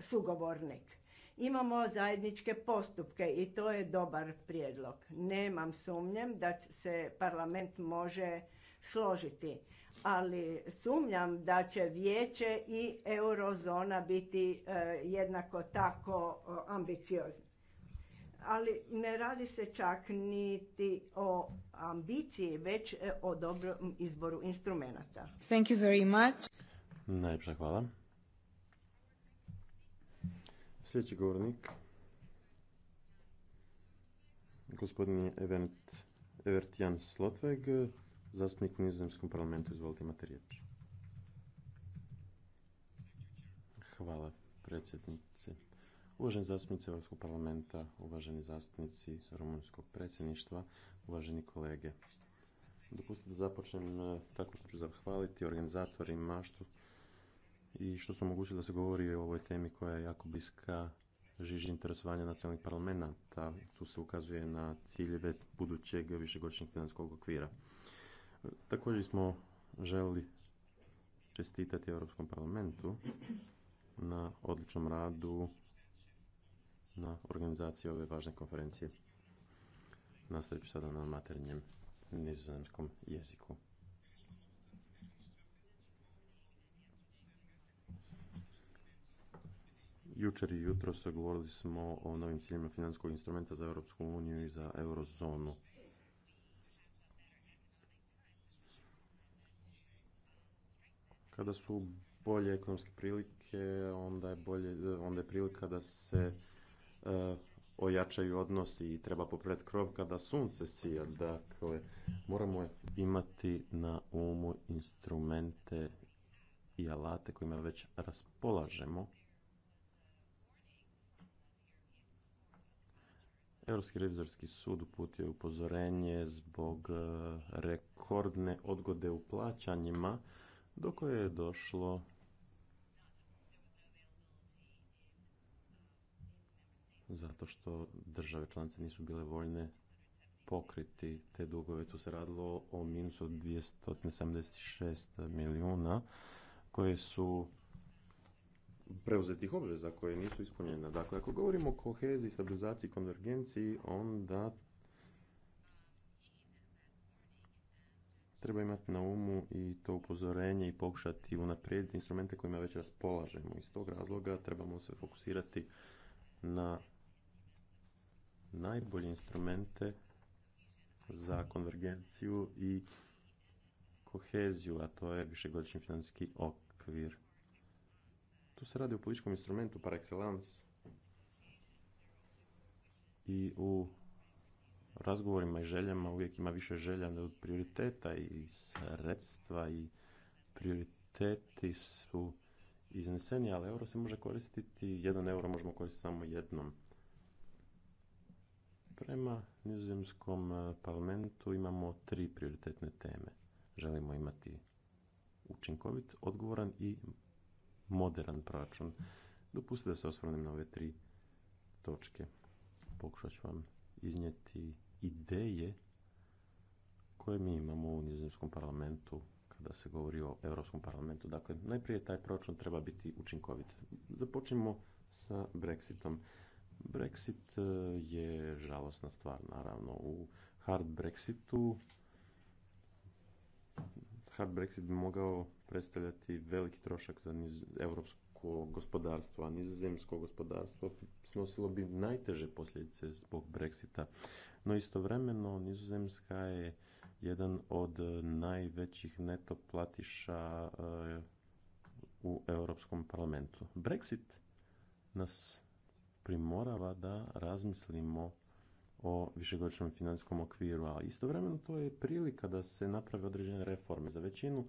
sugovornik. Imamo zajedničke postupke i to je dobar prijedlog. Nemam sumnjem da se parlament može složiti, ali sumnjam da će vijeće i eurozona biti e, jednako tako e, ambiciozni. Ali ne radi se čak niti o ambiciji, već e, o dobrom izboru instrumenata. Thank hvala. Sljedeći govornik, gospodin event Evert, Jan Slotveg, zastupnik u Nizozemskom parlamentu. Izvolite, imate riječ. Hvala, predsjednice. Uvaženi zastupnici Europskog parlamenta, uvaženi zastupnici Rumunjskog predsjedništva, uvaženi kolege. Dopustite da započnem eh, tako što ću zahvaliti organizatorima što i što su omogućili da se govori o ovoj temi koja je jako bliska žiži interesovanja nacionalnih parlamenta. Tu se ukazuje na ciljeve budućeg višegodišnjeg finanskog okvira. Također smo želi čestitati Europskom parlamentu na odličnom radu na organizaciji ove važne konferencije. Nastavit ću sada na maternjem nizozemskom jeziku. Jučer i jutro se govorili smo o novim ciljima financijskog instrumenta za Europsku uniju i za eurozonu. Kada su bolje ekonomske prilike, onda je, bolje, onda je prilika da se e, ojačaju odnosi i treba popred krov kada sunce sija. Dakle, moramo imati na umu instrumente i alate kojima već raspolažemo Europski revizorski sud uputio je upozorenje zbog e, rekordne odgode u plaćanjima do koje je došlo zato što države članice nisu bile voljne pokriti te dugove. Tu se radilo o minusu od 276 milijuna koje su preuzetih obveza koje nisu ispunjene. Dakle, ako govorimo o koheziji, stabilizaciji, konvergenciji, onda treba imati na umu i to upozorenje i pokušati unaprijediti instrumente kojima već raspolažemo. Iz tog razloga trebamo se fokusirati na najbolje instrumente za konvergenciju i koheziju, a to je višegodišnji financijski okvir. Tu se radi o političkom instrumentu par excellence i u razgovorima i željama uvijek ima više želja od prioriteta i sredstva i prioriteti su izneseni, ali euro se može koristiti, jedan euro možemo koristiti samo jednom. Prema nizozemskom eh, parlamentu imamo tri prioritetne teme. Želimo imati učinkovit, odgovoran i moderan proračun. Dopustite da se osvrnem na ove tri točke. Pokušat ću vam iznijeti ideje koje mi imamo u nizozemskom parlamentu kada se govori o Europskom parlamentu. Dakle, najprije taj proračun treba biti učinkovit. Započnimo sa Brexitom. Brexit e, je žalosna stvar, naravno. U hard Brexitu hard Brexit bi mogao predstavljati veliki trošak za europsko gospodarstvo, a nizozemsko gospodarstvo snosilo bi najteže posljedice zbog Brexita. No istovremeno nizozemska je jedan od najvećih neto platiša eh, u Europskom parlamentu. Brexit nas primorava da razmislimo o višegodišnjem financijskom okviru, a istovremeno to je prilika da se naprave određene reforme. Za većinu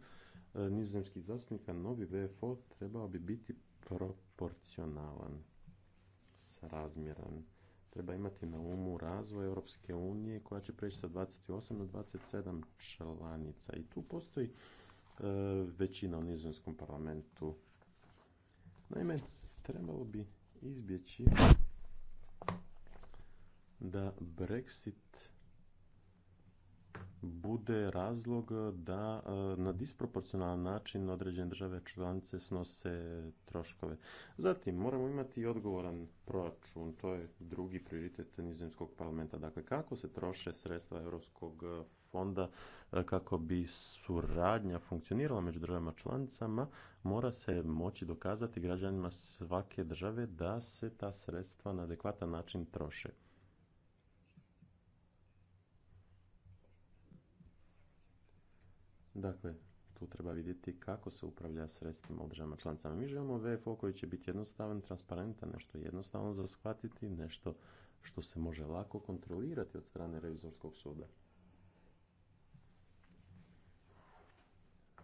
E, nizozemskih zastupnika, novi VFO trebao bi biti proporcionalan, srazmjeran. Treba imati na umu razvoj Europske unije koja će preći sa 28 na 27 članica. I tu postoji e, većina u nizozemskom parlamentu. Naime, trebalo bi izbjeći da Brexit bude razlog da e, na disproporcionalan način određene države članice snose troškove. Zatim, moramo imati odgovoran proračun, to je drugi prioritet nizozemskog parlamenta. Dakle, kako se troše sredstva Europskog fonda e, kako bi suradnja funkcionirala među državama članicama, mora se moći dokazati građanima svake države da se ta sredstva na adekvatan način troše. Dakle, tu treba vidjeti kako se upravlja sredstvima u državama članicama. Mi želimo VFO koji će biti jednostavan, transparentan, nešto jednostavno za shvatiti, nešto što se može lako kontrolirati od strane revizorskog suda.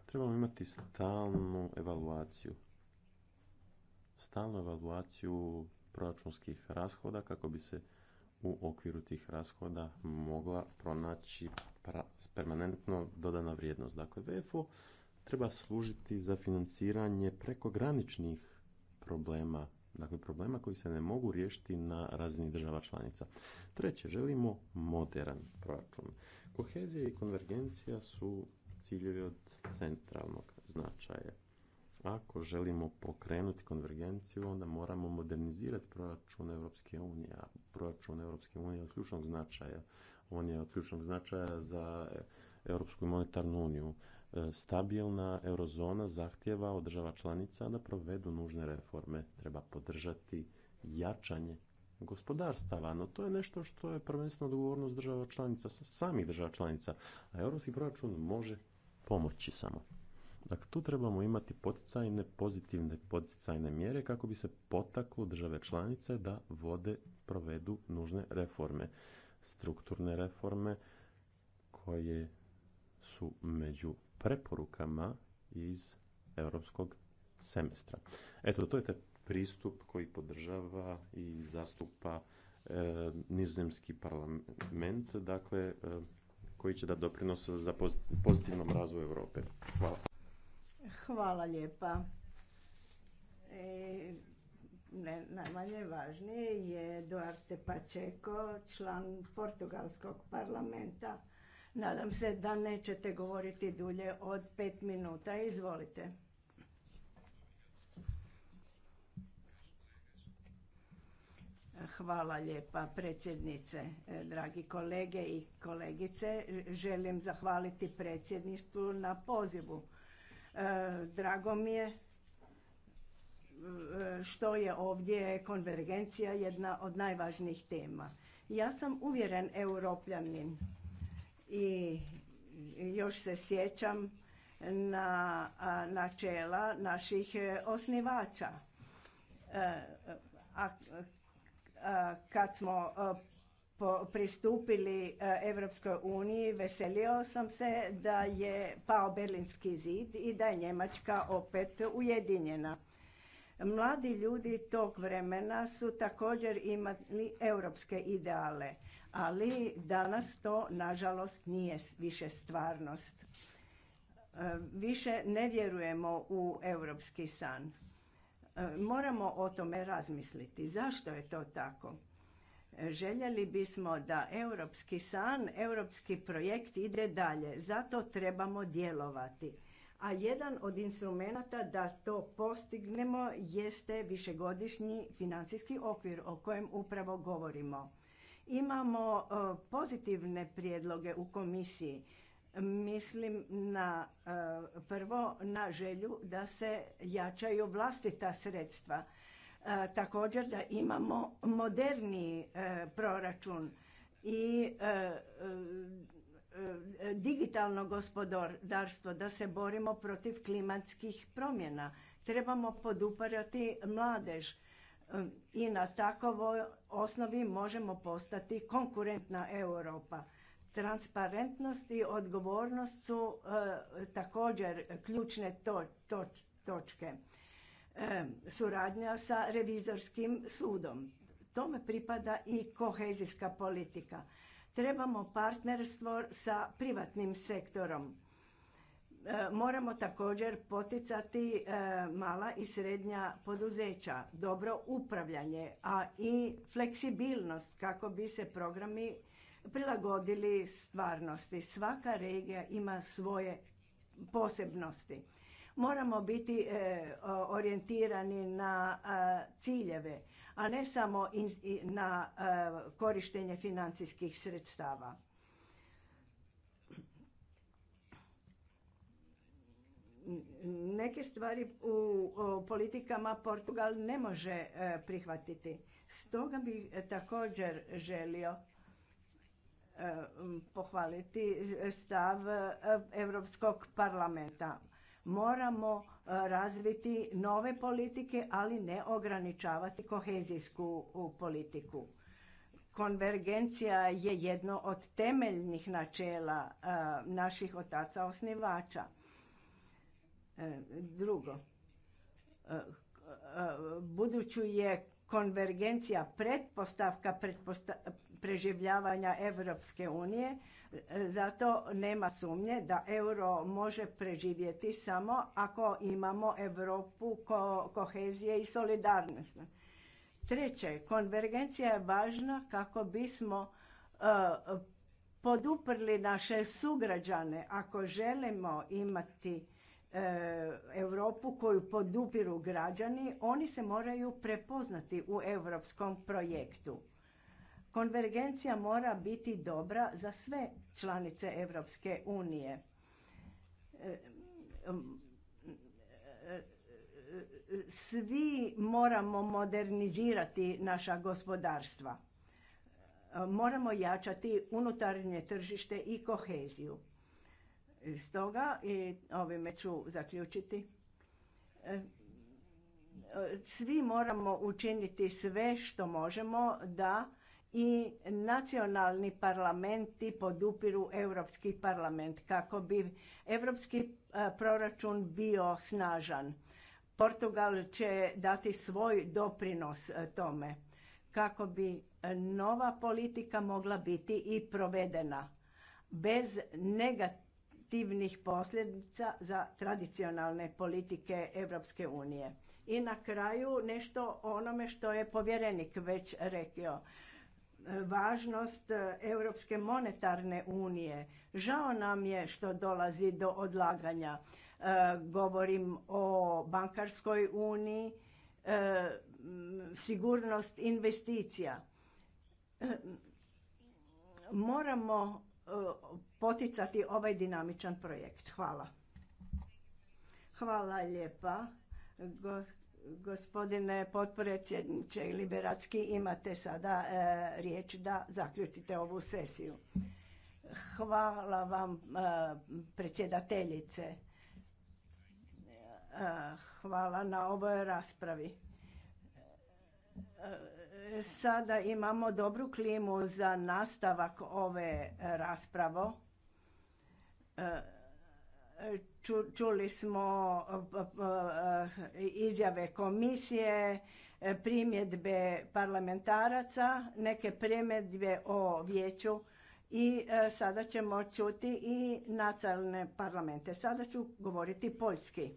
Trebamo imati stalnu evaluaciju. Stalnu evaluaciju proračunskih rashoda kako bi se u okviru tih rashoda mogla pronaći permanentno dodana vrijednost. Dakle, VFO treba služiti za financiranje prekograničnih problema, dakle problema koji se ne mogu riješiti na razini država članica. Treće, želimo moderan proračun. Kohezija i konvergencija su ciljevi od centralnog značaja. Ako želimo pokrenuti konvergenciju, onda moramo modernizirati proračun Europske unije. Proračun Europske unije je od ključnog značaja. On je od ključnog značaja za Europsku monetarnu uniju. E, stabilna eurozona zahtjeva od država članica da provedu nužne reforme. Treba podržati jačanje gospodarstava, no to je nešto što je prvenstveno odgovornost država članica, samih država članica, a europski proračun može pomoći samo. Dakle, tu trebamo imati poticajne, pozitivne poticajne mjere kako bi se potaklo države članice da vode provedu nužne reforme, strukturne reforme koje su među preporukama iz europskog semestra. Eto, to je taj pristup koji podržava i zastupa e, nizozemski parlament, dakle, e, koji će dati doprinos za pozitivnom razvoju Europe. Hvala. Hvala lijepa. E, najmanje važnije je Duarte Pačeko, član Portugalskog parlamenta. Nadam se da nećete govoriti dulje od pet minuta. Izvolite. Hvala lijepa predsjednice, e, dragi kolege i kolegice. Želim zahvaliti predsjedništvu na pozivu E, drago mi je e, što je ovdje konvergencija jedna od najvažnijih tema. Ja sam uvjeren europljanin i još se sjećam na načela naših e, osnivača. a, kad smo pristupili Europskoj eh, uniji veselio sam se da je pao Berlinski zid i da je Njemačka opet ujedinjena. Mladi ljudi tog vremena su također imali europske ideale, ali danas to nažalost nije više stvarnost. Eh, više ne vjerujemo u europski san. Eh, moramo o tome razmisliti. Zašto je to tako? Željeli bismo da europski san, europski projekt ide dalje. Zato trebamo djelovati. A jedan od instrumenata da to postignemo jeste višegodišnji financijski okvir o kojem upravo govorimo. Imamo e, pozitivne prijedloge u komisiji. Mislim na e, prvo na želju da se jačaju vlastita sredstva E, također da imamo moderni e, proračun i e, digitalno gospodarstvo, da se borimo protiv klimatskih promjena. Trebamo poduporati mladež i na takovoj osnovi možemo postati konkurentna Europa. Transparentnost i odgovornost su također ključne točke suradnja sa revizorskim sudom. Tome pripada i kohezijska politika. Trebamo partnerstvo sa privatnim sektorom. E, moramo također poticati e, mala i srednja poduzeća, dobro upravljanje, a i fleksibilnost kako bi se programi prilagodili stvarnosti. Svaka regija ima svoje posebnosti. Moramo biti e, orijentirani na e, ciljeve, a ne samo na e, korištenje financijskih sredstava. Neke stvari u politikama Portugal ne može prihvatiti. Stoga bih također želio pohvaliti stav Europskog parlamenta. Moramo e, razviti nove politike, ali ne ograničavati kohezijsku politiku. Konvergencija je jedno od temeljnih načela e, naših otaca osnivača. E, drugo, buduću je konvergencija pretpostavka preživljavanja Europske unije, zato nema sumnje da euro može preživjeti samo ako imamo Europu ko kohezije i solidarnosti. Treće, konvergencija je važna kako bismo e, poduprli naše sugrađane ako želimo imati e, Europu koju podupiru građani, oni se moraju prepoznati u europskom projektu. Konvergencija mora biti dobra za sve članice Europske unije. E, svi moramo modernizirati naša gospodarstva. E, moramo jačati unutarnje tržište i koheziju. E, stoga, i ovime ću zaključiti, svi moramo učiniti sve što možemo da i nacionalni parlamenti podupiru Europski parlament kako bi Europski e, proračun bio snažan. Portugal će dati svoj doprinos e, tome kako bi e, nova politika mogla biti i provedena bez negativnih posljedica za tradicionalne politike Europske unije. I na kraju nešto o onome što je povjerenik već rekao važnost e, Europske monetarne unije. Žao nam je što dolazi do odlaganja. E, govorim o bankarskoj uniji, e, sigurnost investicija. moramo poticati ovaj dinamičan projekt. Hvala. Hvala lijepa. Gospodine potpredsjedniče Liberacki, imate sada e, riječ da zaključite ovu sesiju. Hvala vam e, predsjedateljice. E, hvala na ovoj raspravi. Sada imamo dobru klimu za nastavak ove rasprave. Čuli smo e, e, e, izjave komisije, primjedbe parlamentaraca, neke primjedbe o vijeću i sada ćemo čuti i nacionalne parlamente. Sada ću govoriti poljski.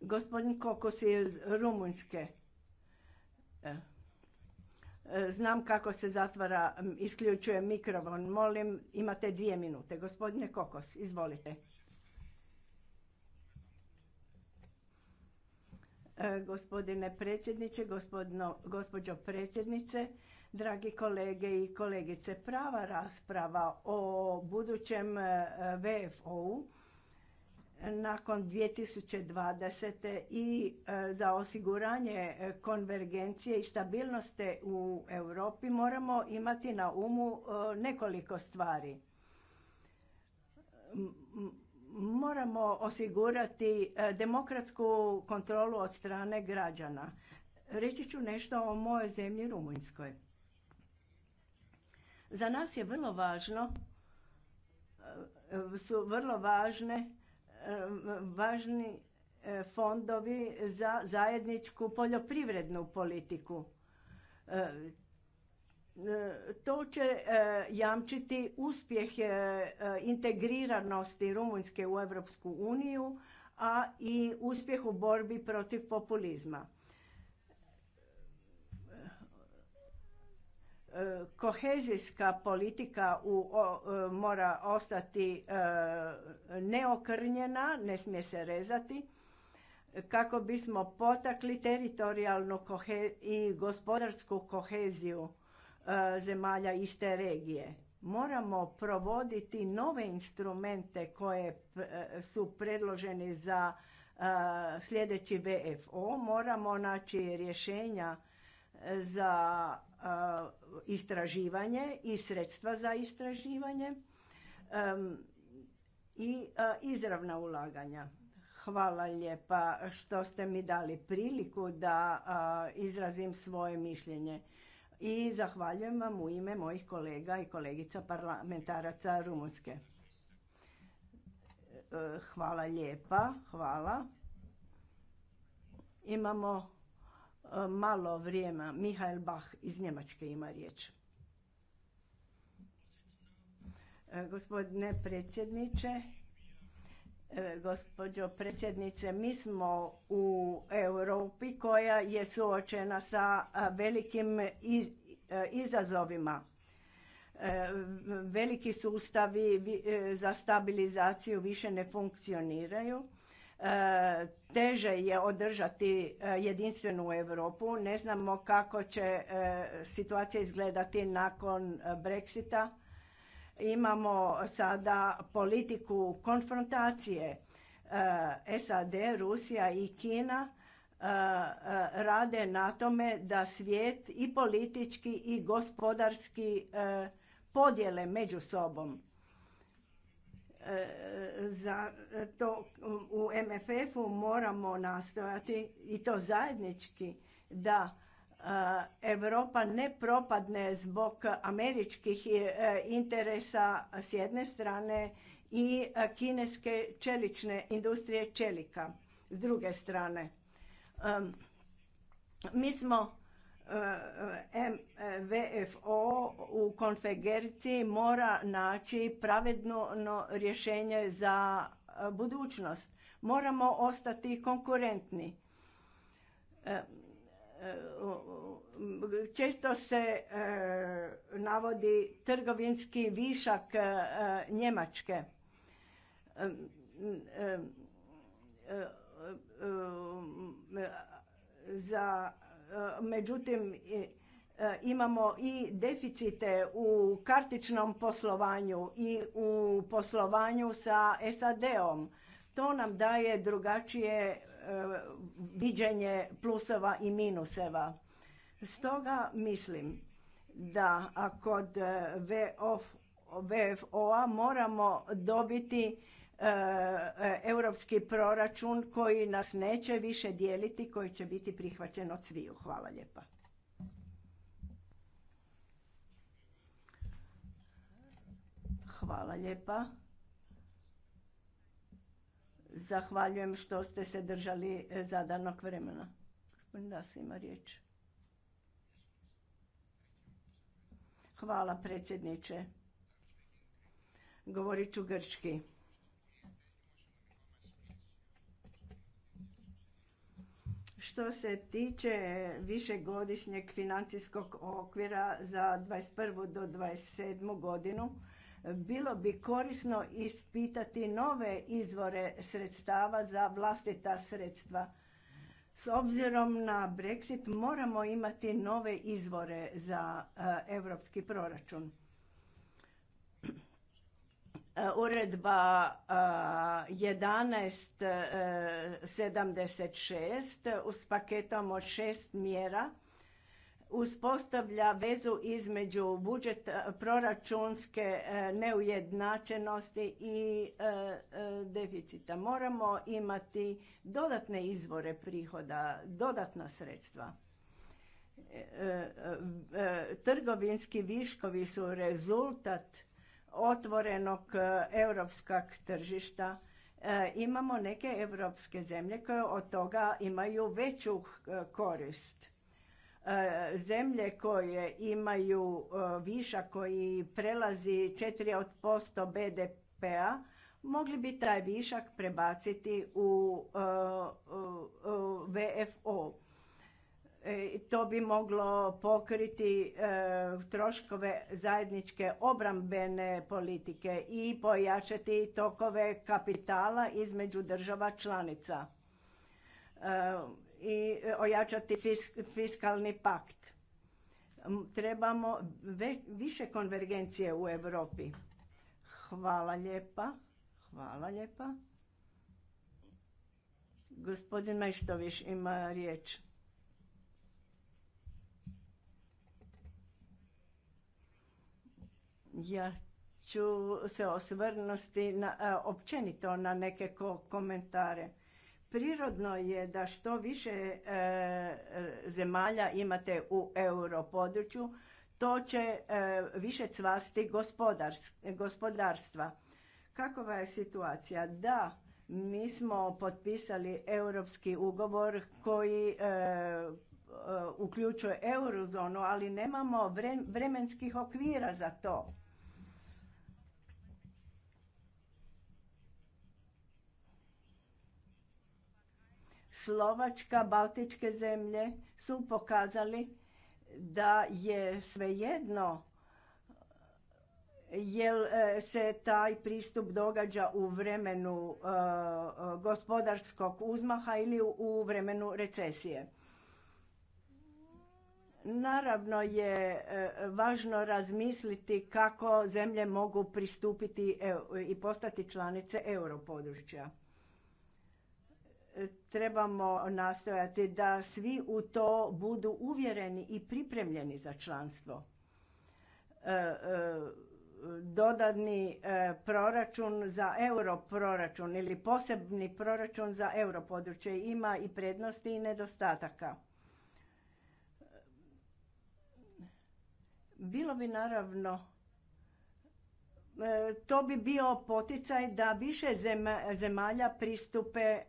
Gospodin Kokos iz Rumunjske. Znam kako se zatvara, isključuje mikrofon. Molim, imate dvije minute. Gospodine Kokos, izvolite. E, gospodine predsjedniče, gospođo predsjednice, dragi kolege i kolegice, prava rasprava o budućem e, VFO-u nakon 2020. i e, za osiguranje e, konvergencije i stabilnosti u Europi moramo imati na umu e, nekoliko stvari. Moramo osigurati demokratsku kontrolu od strane građana. Reći ću nešto o mojoj zemlji Rumunjskoj. Za nas je vrlo važno su vrlo važne važni e, fondovi za zajedničku poljoprivrednu politiku. E, e, to će jamčiti uspjeh integriranosti Rumunjske u Europsku uniju, a i uspjeh u borbi protiv populizma. kohezijska politika u, e, mora ostati e, neokrnjena, ne smije se rezati, kako bismo potakli teritorijalnu kohe, i gospodarsku koheziju e, zemalja iste regije. Moramo provoditi nove instrumente koje su predloženi za sljedeći VFO. Moramo naći rješenja za eh, istraživanje i sredstva za istraživanje i eh, izravna ulaganja. Hvala lijepa što ste mi dali priliku da eh, izrazim svoje mišljenje i zahvaljujem vam u ime mojih kolega i kolegica parlamentaraca Rumunske. Hvala lijepa, hvala. Imamo E, malo vrijeme. Mihael Bach iz Njemačke ima riječ. E, gospodine predsjedniče, e, gospođo predsjednice, mi smo u Europi koja je suočena sa velikim izazovima. Veliki sustavi za stabilizaciju više ne funkcioniraju E, teže je održati e, jedinstvenu Europu. Ne znamo kako će e, situacija izgledati nakon Brexita. Imamo sada politiku konfrontacije. SAD, Rusija i Kina rade na tome da svijet i politički i gospodarski podjele među sobom za to u MFF-u moramo nastojati i to zajednički da e, Europa ne propadne zbog američkih e, interesa s jedne strane i kineske čelične industrije čelika s druge strane. Mi smo Eh, eh, VFO u konfegerciji mora naći pravedno rješenje za eh, budućnost. Moramo ostati konkurentni. Često se navodi trgovinski višak Njemačke za međutim e, imamo i deficite u kartičnom poslovanju i u poslovanju sa SAD-om. To nam daje drugačije e, viđenje plusova i minuseva. Stoga mislim da kod e, VFO-a moramo dobiti E, e, europski proračun koji nas neće više dijeliti, koji će biti prihvaćen od sviju. Hvala lijepa. Hvala lijepa. Zahvaljujem što ste se držali e, zadanog vremena. Gospodin Das ima riječ. Hvala predsjedniče. Govorit ću grčki. Što se tiče višegodišnjeg financijskog okvira za 21. do 27. godinu, bilo bi korisno ispitati nove izvore sredstava za vlastita sredstva. S obzirom na Brexit moramo imati nove izvore za europski proračun. E, uredba 1176 e, e, s paketom od šest mjera uspostavlja vezu između budžet proračunske neujednačenosti i deficita. Moramo imati dodatne izvore prihoda, dodatna sredstva. Trgovinski viškovi su rezultat otvorenog e, europskog tržišta e, imamo neke europske zemlje koje od toga imaju veću e, korist. Zemlje koje imaju višak koji prelazi 4% BDP-a mogli bi taj višak prebaciti u VFO E, to bi moglo pokriti e, troškove zajedničke obrambene politike i pojačati tokove kapitala između država članica e, i ojačati fiskalni pakt. Trebamo više konvergencije u Europi. Hvala lijepa. Hvala lijepa. Gospodin viš ima riječ. Ja ću se osvrnuti na, e, općenito na neke komentare. Prirodno je da što više e, e, zemalja imate u europodručju, to će više cvasti gospodarstva. Kakova je situacija? Da, mi smo potpisali europski ugovor koji uključuje eurozonu, ali nemamo vremenskih okvira za to. Slovačka, Baltičke zemlje su pokazali da je svejedno jel e, se taj pristup događa u vremenu e, gospodarskog uzmaha ili u vremenu recesije. Naravno je e, važno razmisliti kako zemlje mogu pristupiti i postati članice europodručja trebamo nastojati da svi u to budu uvjereni i pripremljeni za članstvo. E, e, Dodani e, proračun za euro proračun ili posebni proračun za euro područje ima i prednosti i nedostataka. Bilo bi naravno E, to bi bio poticaj da više zemalja pristupe e,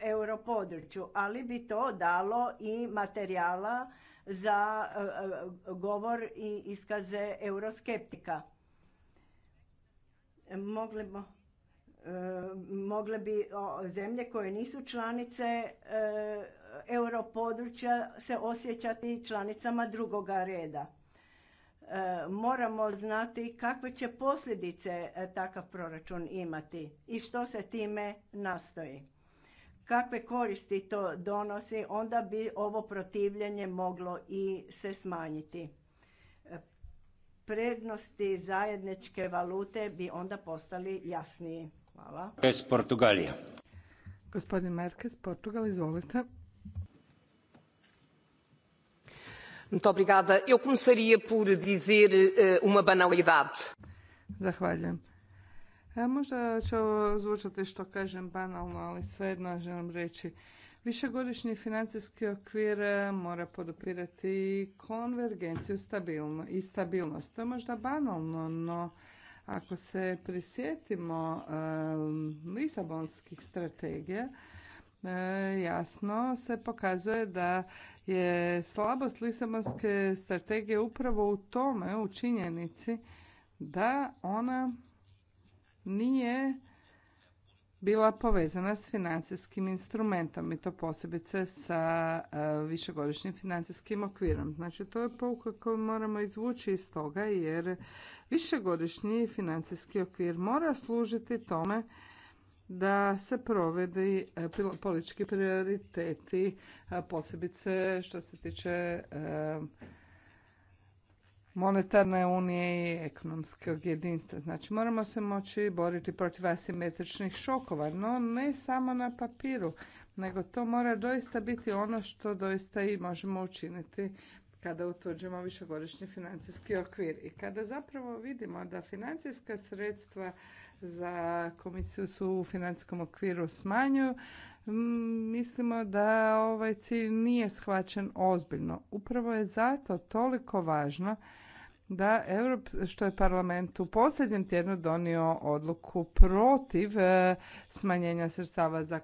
europodručju, ali bi to dalo i materijala za e, govor i iskaze euroskeptika. mogle bi zemlje koje nisu članice europodručja se osjećati članicama drugoga reda. E, moramo znati kakve će posljedice e, takav proračun imati i što se time nastoji. Kakve koristi to donosi, onda bi ovo protivljenje moglo i se smanjiti. E, prednosti zajedničke valute bi onda postali jasniji. Hvala. Portugalija. Gospodin Merkez, Portugal, izvolite. Muito obrigada. Eu começaria por dizer eh, uma banalidade. Zahvaljujem. E, možda će ovo zvučati što kažem banalno, ali svejedno želim reći. Višegodišnji financijski okvir e, mora podupirati konvergenciju stabilno, i stabilnost. To je možda banalno, no ako se prisjetimo e, lisabonskih strategija, jasno se pokazuje da je slabost Lisabonske strategije upravo u tome, u činjenici da ona nije bila povezana s financijskim instrumentom i to posebice sa e, višegodišnjim financijskim okvirom. Znači to je pouka koju moramo izvući iz toga jer višegodišnji financijski okvir mora služiti tome da se provede e, politički prioriteti, e, posebice što se tiče e, monetarne unije i ekonomskog jedinstva. Znači moramo se moći boriti protiv asimetričnih šokova, no ne samo na papiru, nego to mora doista biti ono što doista i možemo učiniti kada utvrđujemo višegodišnji financijski okvir. I kada zapravo vidimo da financijska sredstva za komisiju su u financijskom okviru smanjuju, mislimo da ovaj cilj nije shvaćen ozbiljno. Upravo je zato toliko važno da što je parlament u posljednjem tjednu donio odluku protiv e, smanjenja sredstava za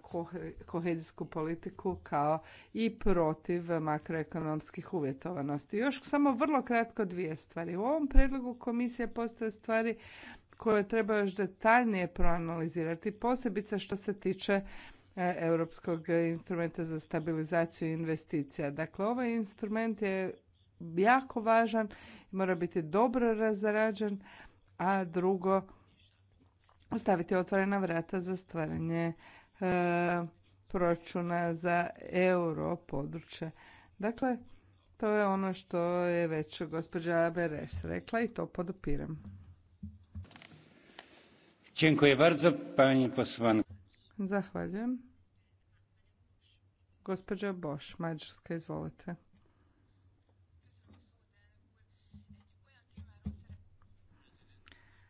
kohezijsku politiku kao i protiv makroekonomskih uvjetovanosti. Još samo vrlo kratko dvije stvari. U ovom predlogu komisije postoje stvari koje treba još detaljnije proanalizirati, posebice što se tiče e, Europskog instrumenta za stabilizaciju investicija. Dakle, ovaj instrument je jako važan, mora biti dobro razrađen, a drugo, ostaviti otvorena vrata za stvaranje e, proračuna za euro područje. Dakle, to je ono što je već gospođa Beres rekla i to podupiram. Dziękuję bardzo, pani posłanko. Zahvaljujem. Gospođa Boš, Mađarska, izvolite.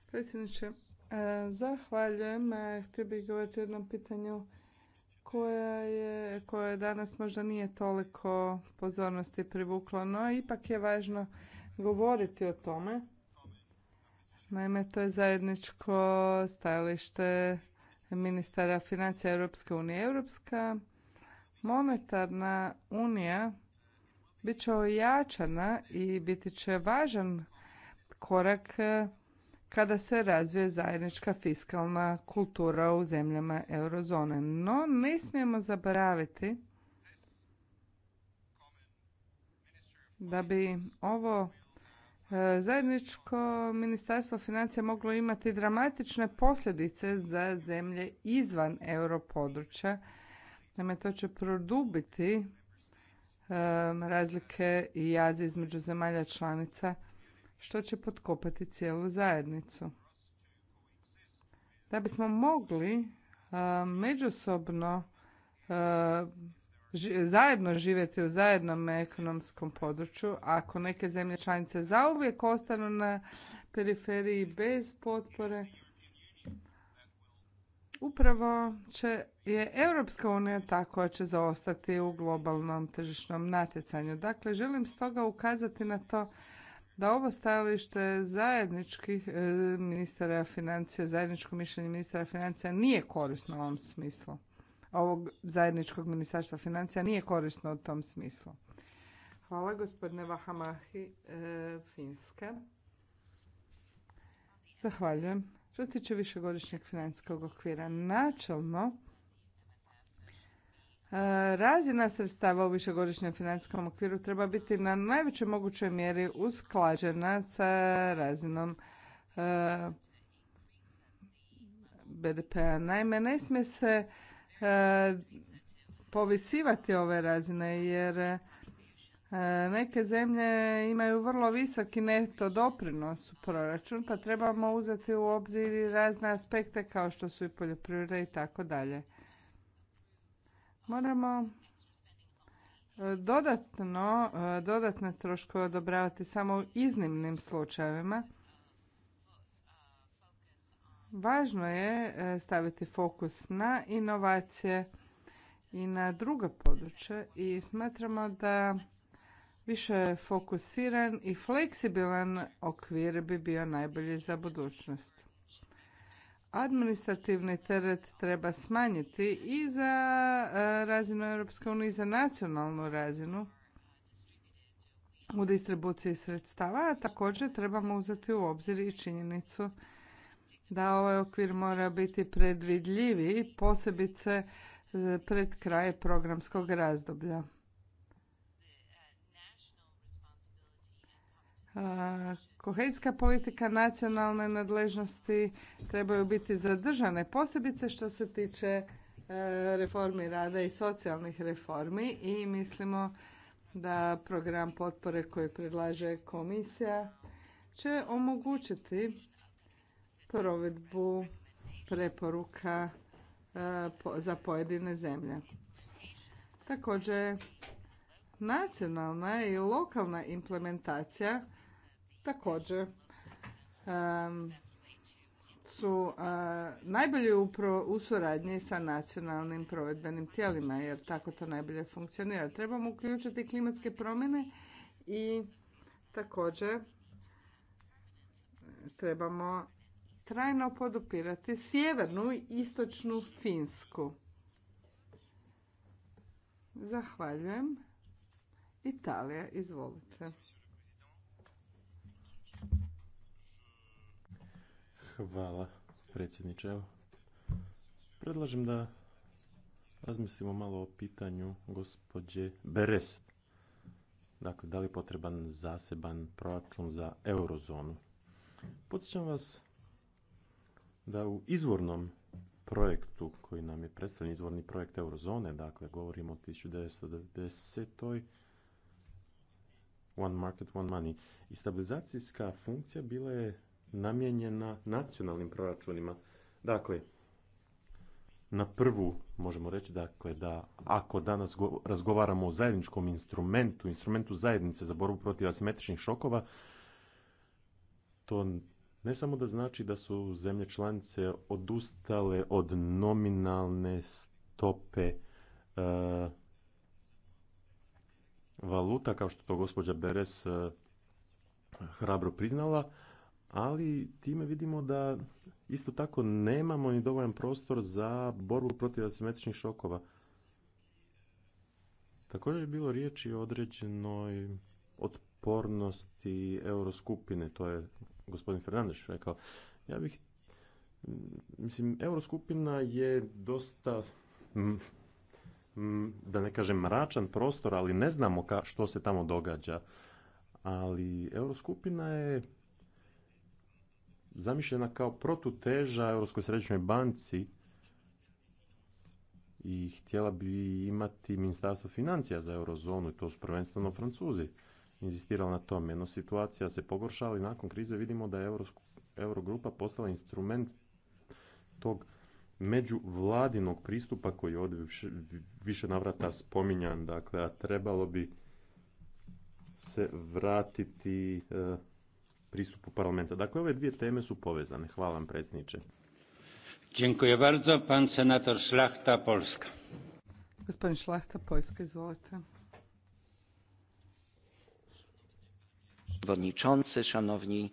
Predsjedniče, e, zahvaljujem. E, htio bih govoriti o jednom pitanju koje je, koje danas možda nije toliko pozornosti privuklo, no ipak je važno govoriti o tome Naime, to je zajedničko stajalište ministara financija Europske unije. Europska monetarna unija bit će ojačana i biti će važan korak e, kada se razvije zajednička fiskalna kultura u zemljama eurozone. No, ne smijemo zaboraviti da bi ovo E, zajedničko ministarstvo financija moglo imati dramatične posljedice za zemlje izvan europodručja. Naime, to će produbiti e, razlike i jaze između zemalja članica, što će potkopati cijelu zajednicu. Da bismo mogli e, međusobno zajedno živjeti u zajednom ekonomskom području, ako neke zemlje članice zauvijek ostanu na periferiji bez potpore, upravo će, je Europska unija ta koja će zaostati u globalnom tržišnom natjecanju. Dakle, želim stoga ukazati na to da ovo stajalište zajedničkih e, ministara financija, zajedničko mišljenje ministara financija nije korisno u ovom smislu ovog zajedničkog ministarstva financija nije korisno u tom smislu. Hvala gospodine Vahamahi, e, Finska. Zahvaljujem. Što se tiče višegodišnjeg financijskog okvira, načelno e, razina sredstava u višegodišnjem financijskom okviru treba biti na najvećoj mogućoj mjeri usklađena sa razinom e, BDP-a. Naime, ne smije se E, povisivati ove razine jer e, neke zemlje imaju vrlo visoki neto doprinos u proračun pa trebamo uzeti u obzir razne aspekte kao što su i poljoprivreda i tako dalje. Moramo e, dodatno, dodatne troškove odobravati samo u iznimnim slučajevima Važno je e, staviti fokus na inovacije i na druga područja i smatramo da više fokusiran i fleksibilan okvir bi bio najbolji za budućnost. Administrativni teret treba smanjiti i za e, razinu Europske unije i za nacionalnu razinu u distribuciji sredstava, a također trebamo uzeti u obzir i činjenicu da ovaj okvir mora biti predvidljiviji, posebice e, pred kraj programskog razdoblja. Kohejska politika nacionalne nadležnosti trebaju biti zadržane, posebice što se tiče e, reformi rada i socijalnih reformi i mislimo da program potpore koji predlaže komisija će omogućiti provedbu preporuka e, za pojedine zemlje. Također, nacionalna i lokalna implementacija također e, su e, najbolje u suradnji sa nacionalnim provedbenim tijelima, jer tako to najbolje funkcionira. Trebamo uključiti klimatske promjene i također trebamo trajno podupirati sjevernu i istočnu Finsku. Zahvaljujem. Italija, izvolite. Hvala, predsjedniče. predlažem da razmislimo malo o pitanju gospođe Berest. Dakle, da li je potreban zaseban proračun za eurozonu? Podsjećam vas da u izvornom projektu koji nam je predstavljen, izvorni projekt Eurozone, dakle govorimo o 1990. One market, one money. I stabilizacijska funkcija bila je namijenjena nacionalnim proračunima. Dakle, na prvu možemo reći dakle, da ako danas razgovaramo o zajedničkom instrumentu, instrumentu zajednice za borbu protiv asimetričnih šokova, to ne samo da znači da su zemlje članice odustale od nominalne stope e, valuta, kao što to gospođa Beres e, hrabro priznala, ali time vidimo da isto tako nemamo ni dovoljan prostor za borbu protiv asimetričnih šokova. Također je bilo riječi o određenoj otpornosti euroskupine, to je gospodin Fernandeš rekao. Ja bih, mm, mislim, Euroskupina je dosta, mm, mm, da ne kažem mračan prostor, ali ne znamo ka, što se tamo događa. Ali Euroskupina je zamišljena kao protuteža Europskoj središnjoj banci i htjela bi imati ministarstvo financija za eurozonu i to su prvenstveno Francuzi. Inzistirao na tome, no situacija se pogoršala i nakon krize vidimo da je Eurogrupa postala instrument tog međuvladinog pristupa koji je ovdje više, navrata spominjan, dakle, a trebalo bi se vratiti e, pristupu parlamenta. Dakle, ove dvije teme su povezane. Hvala vam, predsjedniče. Dziękuję bardzo. Pan senator Szlachta, Polska. Gospodin Szlachta, Poljska, izvolite. przewodniczący, szanowni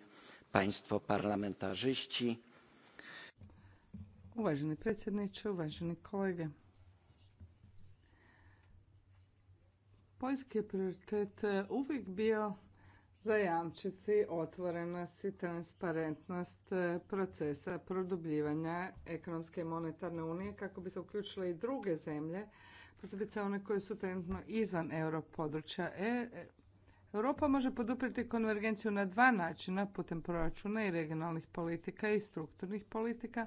państwo parlamentarzyści. Uvaženi predsjedniče, uvaženi kolege. Poljski je prioritet uvijek bio zajamčiti otvorenost i transparentnost procesa produbljivanja ekonomske i monetarne unije kako bi se uključile i druge zemlje, posebice one koje su trenutno izvan europodručja e, Europa može poduprijeti konvergenciju na dva načina, putem proračuna i regionalnih politika i strukturnih politika,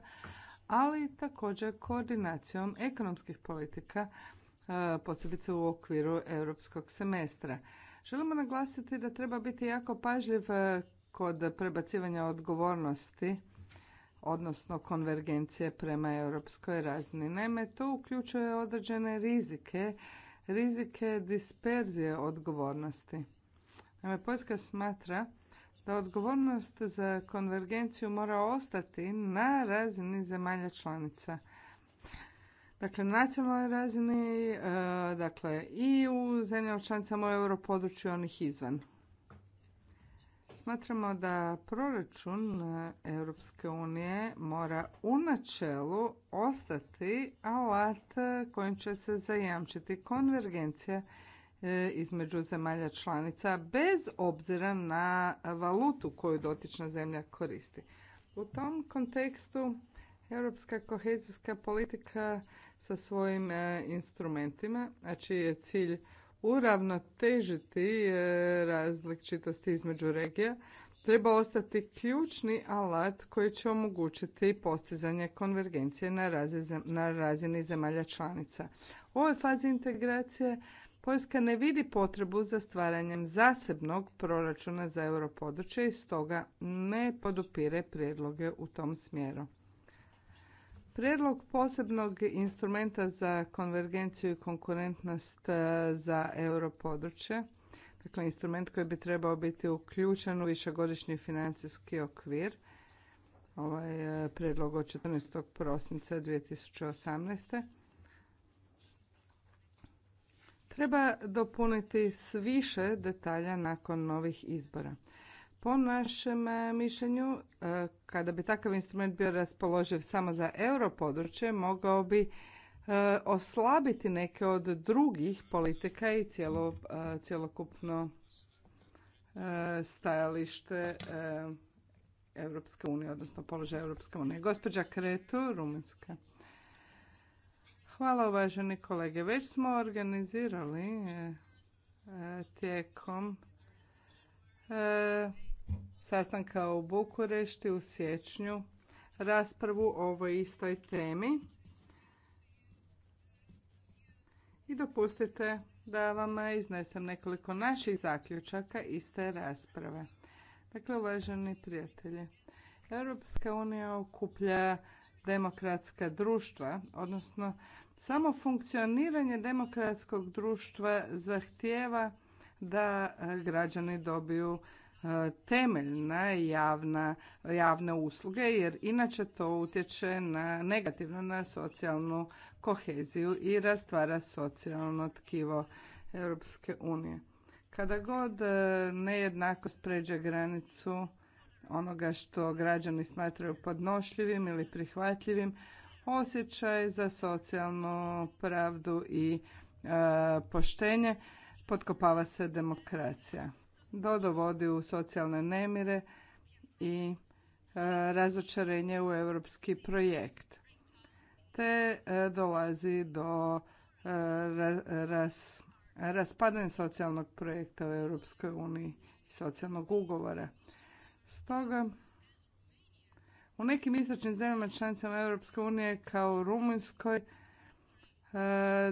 ali također koordinacijom ekonomskih politika, e, posebice u okviru europskog semestra. Želimo naglasiti da treba biti jako pažljiv e, kod prebacivanja odgovornosti odnosno konvergencije prema europskoj razini. Naime, to uključuje određene rizike, rizike disperzije odgovornosti. Naime, Poljska smatra da odgovornost za konvergenciju mora ostati na razini zemalja članica. Dakle, na nacionalnoj razini, e, dakle i u zemljama članicama u europodručju onih izvan. Smatramo da proračun Europske unije mora u načelu ostati alat kojim će se zajamčiti konvergencija E, između zemalja članica bez obzira na valutu koju dotična zemlja koristi. U tom kontekstu europska kohezijska politika sa svojim e, instrumentima, znači je cilj uravnotežiti e, različitosti između regija, treba ostati ključni alat koji će omogućiti postizanje konvergencije na razini zemalja članica. U ovoj fazi integracije Poljska ne vidi potrebu za stvaranjem zasebnog proračuna za europodručje i stoga ne podupire prijedloge u tom smjeru. Prijedlog posebnog instrumenta za konvergenciju i konkurentnost e, za europodručje, dakle instrument koji bi trebao biti uključen u višegodišnji financijski okvir, ovaj e, prijedlog od 14. prosinca 2018 treba dopuniti s više detalja nakon novih izbora. Po našem e, mišljenju, e, kada bi takav instrument bio raspoloživ samo za europodručje, mogao bi e, oslabiti neke od drugih politika i cjelokupno stajalište Europske unije, odnosno položaj Europske unije. Gospođa Kretu, Rumunjska. Hvala uvaženi kolege. Već smo organizirali e, tijekom e, sastanka u Bukurešti u siječnju raspravu o ovoj istoj temi. I dopustite da vam iznesem nekoliko naših zaključaka iz te rasprave. Dakle, uvaženi prijatelji, Europska unija okuplja demokratska društva, odnosno samo funkcioniranje demokratskog društva zahtijeva da e, građani dobiju e, temeljne javna, javne usluge jer inače to utječe na negativno na socijalnu koheziju i rastvara socijalno tkivo Europske unije. Kada god e, nejednakost pređe granicu onoga što građani smatraju podnošljivim ili prihvatljivim, osjećaj za socijalnu pravdu i e, poštenje, potkopava se demokracija. Dodovodi dovodi u socijalne nemire i e, razočarenje u europski projekt. Te e, dolazi do e, raspaden raspadanja socijalnog projekta u EU uniji, socijalnog ugovora. Stoga u nekim istočnim zemljama članicama Europske unije kao u Rumunjskoj e,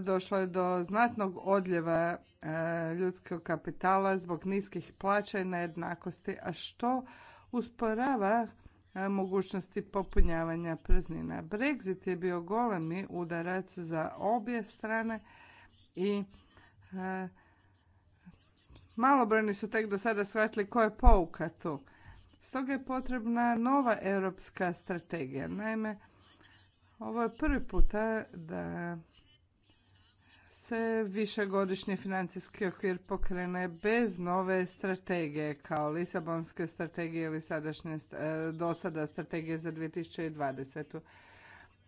došlo je do znatnog odljeva e, ljudskog kapitala zbog niskih plaća i nejednakosti, a što usporava e, mogućnosti popunjavanja praznina. Brexit je bio golemi udarac za obje strane i malobrojni su tek do sada shvatili koja je pouka tu. Stoga je potrebna nova europska strategija. Naime, ovo je prvi puta da se višegodišnji financijski okvir pokrene bez nove strategije kao Lisabonske strategije ili sadašnje e, dosada strategije za 2020.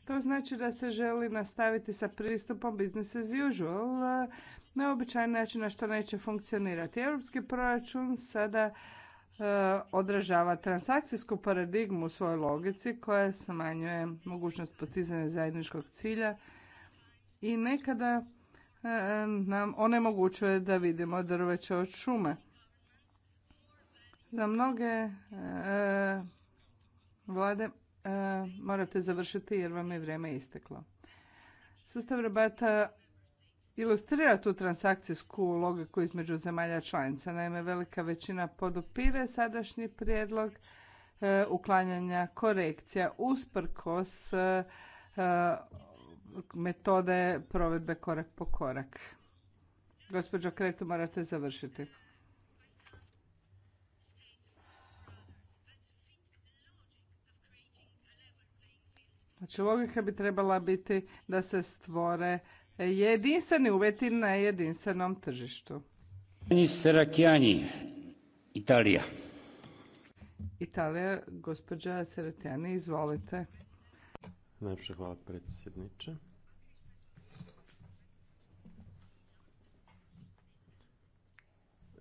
To znači da se želi nastaviti sa pristupom business as usual, e, običajan način na što neće funkcionirati. Europski proračun sada E, odražava transakcijsku paradigmu u svojoj logici koja smanjuje mogućnost postizanja zajedničkog cilja i nekada e, nam onemogućuje da vidimo drveće od šume. Za mnoge e, vlade morate završiti jer vam je vrijeme isteklo. Sustav rabata ilustrira tu transakcijsku logiku između zemalja članica. Naime, velika većina podupire sadašnji prijedlog e, uklanjanja korekcija usprkos e, e, metode provedbe korak po korak. Gospođo Kretu, morate završiti. Znači, logika bi trebala biti da se stvore jedinstveni uvjeti na jedinstvenom tržištu. Serakjani, Italija. Italija, gospođa Seratjani, izvolite. Najpše hvala predsjedniče.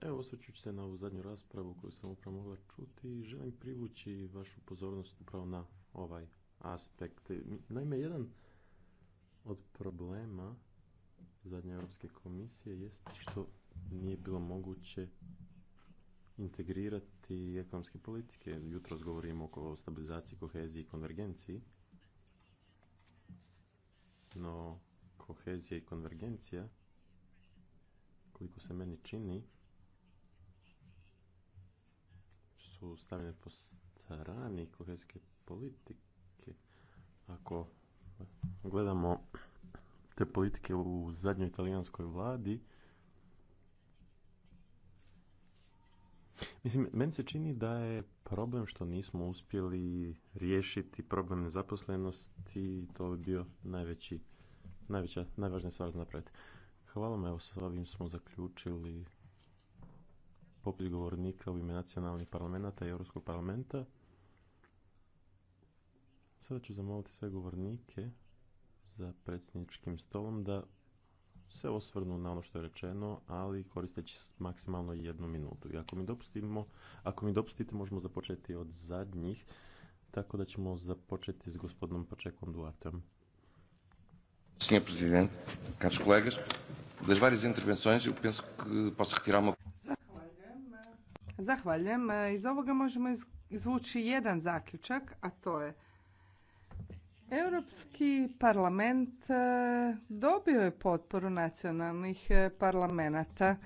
Evo, osvrćući se na ovu zadnju raspravu koju sam upravo mogla čuti i želim privući vašu pozornost upravo na ovaj aspekt. Naime, jedan od problema zadnje Europske komisije jest što nije bilo moguće integrirati ekonomske politike. Jutro govorimo o stabilizaciji, koheziji i konvergenciji. No, kohezija i konvergencija, koliko se meni čini, su stavljene po strani kohezijske politike. Ako gledamo te politike u zadnjoj italijanskoj vladi, Mislim, meni se čini da je problem što nismo uspjeli riješiti problem nezaposlenosti i to bi bio najveći, najveća, najvažnija stvar za napraviti. Hvala vam, evo ovim smo zaključili popis govornika u ime nacionalnih parlamenta i Europskog parlamenta. Sada ću zamoliti sve govornike za predsjedničkim stolom da se osvrnu na ono što je rečeno, ali koristeći maksimalno jednu minutu. I ako mi, dopustimo, ako mi dopustite, možemo započeti od zadnjih, tako da ćemo započeti s gospodinom pačekom Duatom. Senhor Presidente, caros colegas, das várias intervenções eu retirar uma... Zahvaljujem. Iz ovoga možemo izvući jedan zaključak, a to je Europski parlament e, dobio je potporu nacionalnih e, parlamenata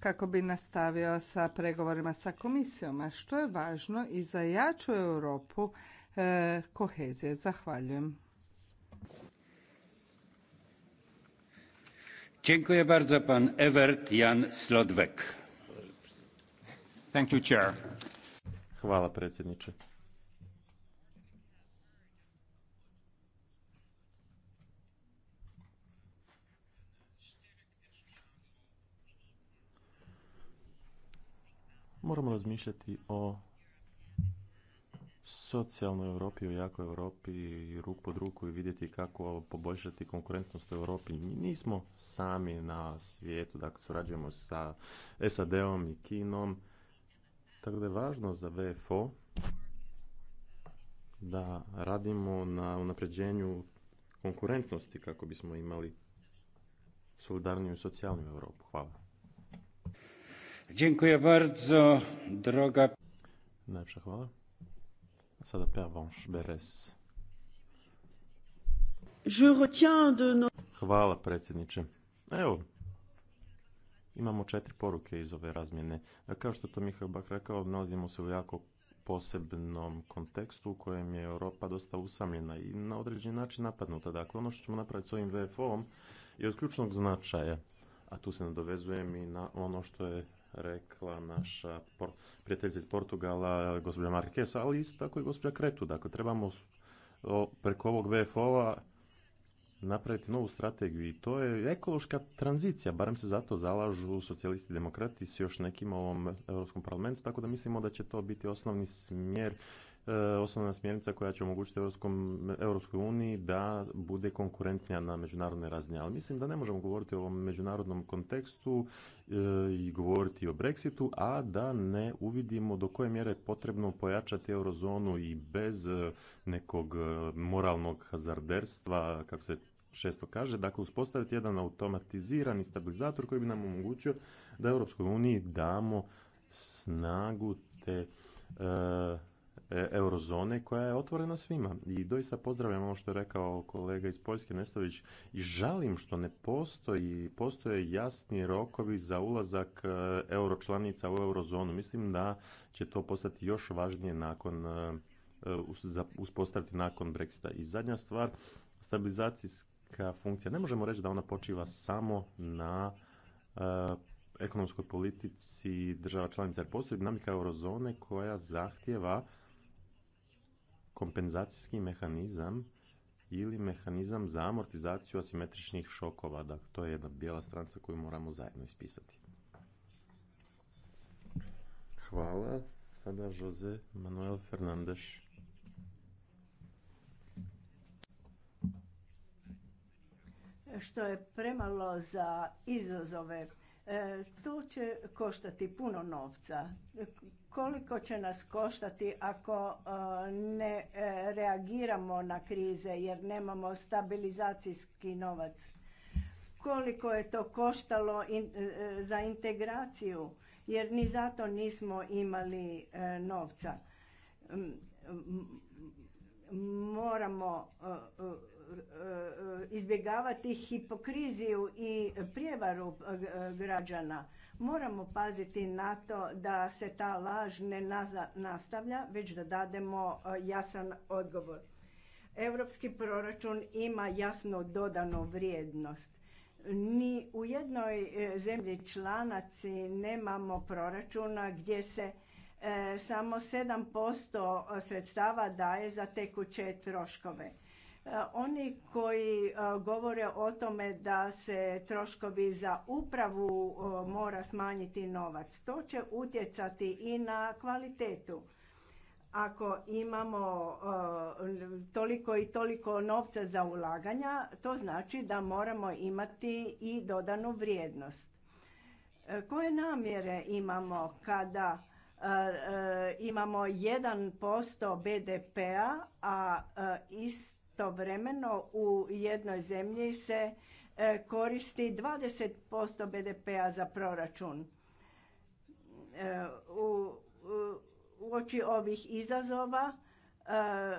kako bi nastavio sa pregovorima sa komisijom, što je važno i za jaču Europu e, kohezije. Zahvaljujem. Dziękuję bardzo pan Evert Jan Thank you, chair. Hvala predsjedniče. Moramo razmišljati o socijalnoj Europi, o jakoj Europi i ruku pod ruku i vidjeti kako poboljšati konkurentnost u Europi. Mi nismo sami na svijetu, dakle surađujemo sa SAD-om i Kinom. Tako da je važno za VFO da radimo na unapređenju konkurentnosti kako bismo imali solidarniju i socijalnu Europu. Hvala. Dziękuję bardzo, droga... hvala. Sada Pervanche Beres. Hvala predsjedniče. Evo, imamo četiri poruke iz ove razmjene. Kao što to Mihajl Bak rekao, nalazimo se u jako posebnom kontekstu u kojem je Europa dosta usamljena i na određeni način napadnuta. Dakle, ono što ćemo napraviti s ovim VFO-om je od ključnog značaja, a tu se nadovezujem i na ono što je rekla naša prijateljica iz Portugala, gospođa Markesa, ali isto tako i gospođa Kretu. Dakle, trebamo preko ovog VFO-a napraviti novu strategiju i to je ekološka tranzicija, barem se zato zalažu socijalisti i demokrati s još nekim u ovom Europskom parlamentu, tako da mislimo da će to biti osnovni smjer E, osnovna smjernica koja će omogućiti Europskoj uniji da bude konkurentnija na međunarodnoj razini. Ali mislim da ne možemo govoriti o ovom međunarodnom kontekstu e, i govoriti o Brexitu, a da ne uvidimo do koje mjere je potrebno pojačati eurozonu i bez e, nekog moralnog hazarderstva, kako se često kaže, dakle uspostaviti jedan automatizirani stabilizator koji bi nam omogućio da Europskoj uniji damo snagu te E, eurozone koja je otvorena svima. I doista pozdravljam ovo što je rekao kolega iz Poljske Nestović i žalim što ne postoji, postoje jasni rokovi za ulazak e, euročlanica u eurozonu. Mislim da će to postati još važnije nakon e, uspostaviti nakon Brexita. I zadnja stvar, stabilizacijska funkcija. Ne možemo reći da ona počiva samo na ekonomskoj politici država članica jer postoji dinamika eurozone koja zahtjeva kompenzacijski mehanizam ili mehanizam za amortizaciju asimetričnih šokova. Dakle, to je jedna bijela stranca koju moramo zajedno ispisati. Hvala. Sada Jose Manuel Fernandes. Što je premalo za izazove E, to će koštati puno novca. Koliko će nas koštati ako e, ne e, reagiramo na krize jer nemamo stabilizacijski novac? Koliko je to koštalo za integraciju jer ni zato nismo imali novca? Moramo E, e, izbjegavati hipokriziju i prijevaru e, građana. Moramo paziti na to da se ta laž ne nastavlja, već da dademo jasan odgovor. Europski proračun ima jasno dodanu vrijednost. Ni u jednoj zemlji članaci nemamo proračuna gdje se samo samo 7% sredstava daje za tekuće troškove. E, oni koji e, govore o tome da se troškovi za upravu e, mora smanjiti novac, to će utjecati i na kvalitetu. Ako imamo toliko i toliko novca za ulaganja, to znači da moramo imati i dodanu vrijednost. Koje namjere imamo kada imamo 1% BDP-a, a iz istovremeno u jednoj zemlji se e, koristi 20% BDP-a za proračun. E, u oči ovih izazova e,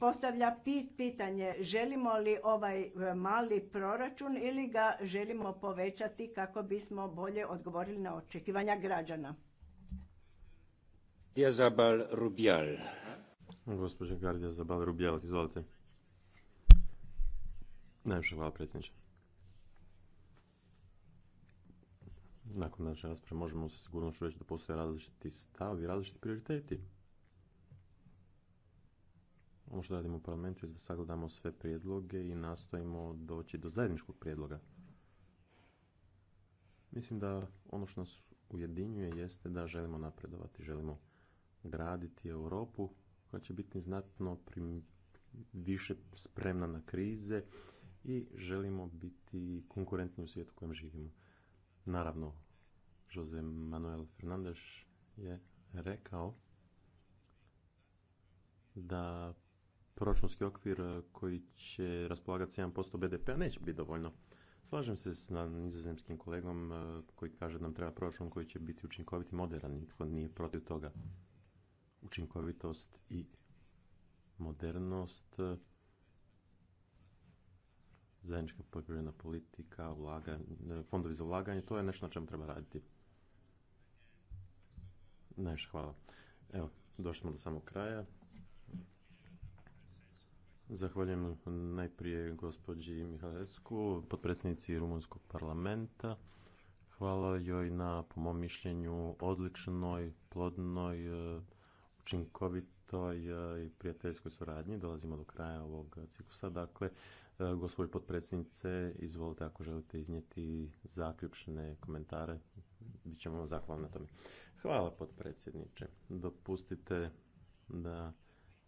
postavlja pitanje želimo li ovaj mali proračun ili ga želimo povećati kako bismo bolje odgovorili na očekivanja građana. Jezabal rubjal. Gospođa Gardija Zabal Rubjelat, izvolite. Najviše hvala predsjedniče. Nakon naše rasprave možemo sa sigurnošću reći da postoje različiti stavi, različiti prioriteti. Ono što radimo u parlamentu je da sagledamo sve prijedloge i nastojimo doći do zajedničkog prijedloga. Mislim da ono što nas ujedinjuje jeste da želimo napredovati, želimo graditi Europu koja će biti znatno prim, više spremna na krize i želimo biti konkurentni u svijetu u kojem živimo. Naravno, Jose Manuel Fernandez je rekao da proračunski okvir koji će raspolagati 7% BDP-a neće biti dovoljno. Slažem se s nizozemskim kolegom eh, koji kaže da nam treba proračun koji će biti učinkovit i moderan. Nitko nije protiv toga učinkovitost i modernost, zajednička poljoprivredna politika, fondovi za ulaganje, to je nešto na čemu treba raditi. Najviše hvala. Evo, došli smo do samog kraja. Zahvaljujem najprije gospođi Mihalesku, potpredsjednici Rumunskog parlamenta. Hvala joj na, po mom mišljenju, odličnoj, plodnoj učinkovitoj eh, i prijateljskoj suradnji. Dolazimo do kraja ovog ciklusa. Dakle, eh, gospođo potpredsjednice, izvolite ako želite iznijeti zaključne komentare. ćemo vam zahvalni na tome. Hvala potpredsjedniče. Dopustite da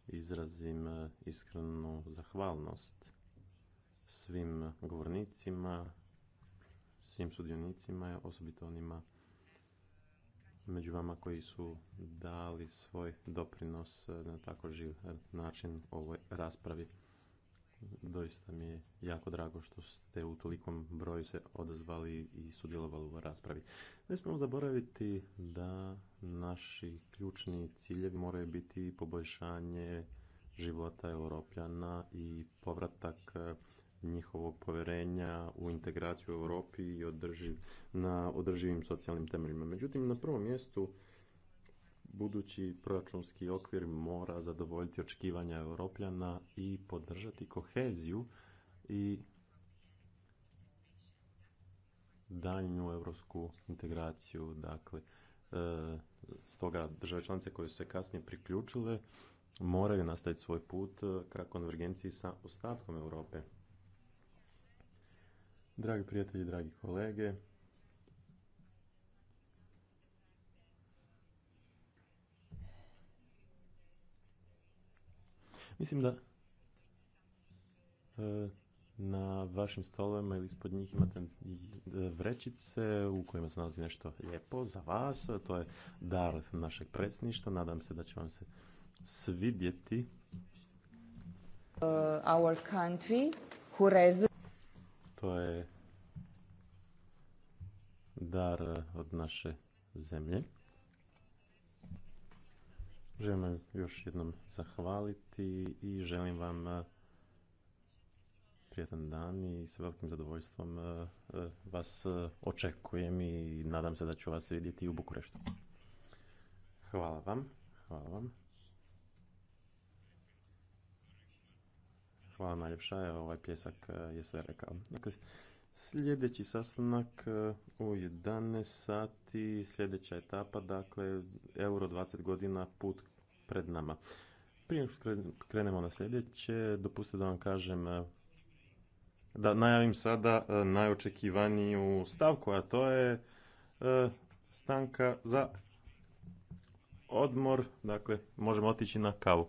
izrazim eh, iskrenu zahvalnost svim govornicima, svim sudionicima, osobito onima među vama koji su dali svoj doprinos e, na tako živ e, način ovoj raspravi. Doista mi je jako drago što ste u tolikom broju se odazvali i sudjelovali u raspravi. Ne smemo zaboraviti da naši ključni ciljevi moraju biti poboljšanje života europljana i povratak e, njihovog poverenja u integraciju u Europi i na održivim socijalnim temeljima. Međutim, na prvom mjestu budući proračunski okvir mora zadovoljiti očekivanja europljana i podržati koheziju i daljnju europsku integraciju. Dakle, e, stoga države članice koje su se kasnije priključile moraju nastaviti svoj put ka konvergenciji sa ostatkom Europe. Dragi prijatelji, dragi kolege, mislim da e, na vašim stolovima ili ispod njih imate e, vrećice u kojima se nalazi nešto lijepo za vas. To je dar našeg predsjedništva. Nadam se da će vam se svidjeti. Uh, our country who to je dar od naše zemlje. Želim vam još jednom zahvaliti i želim vam e, prijatan dan i s velikim zadovoljstvom e, e, vas očekujem i nadam se da ću vas vidjeti u Bukureštu. Hvala vam. Hvala najljepša, ovaj pjesak e, je sve rekao. Dakle, sljedeći sastanak e, u 11 sati, sljedeća etapa, dakle, euro 20 godina put pred nama. Prije što krenemo na sljedeće, dopustite da vam kažem e, da najavim sada najočekivaniju stavku, a to je stanka za odmor, dakle možemo otići na kavu.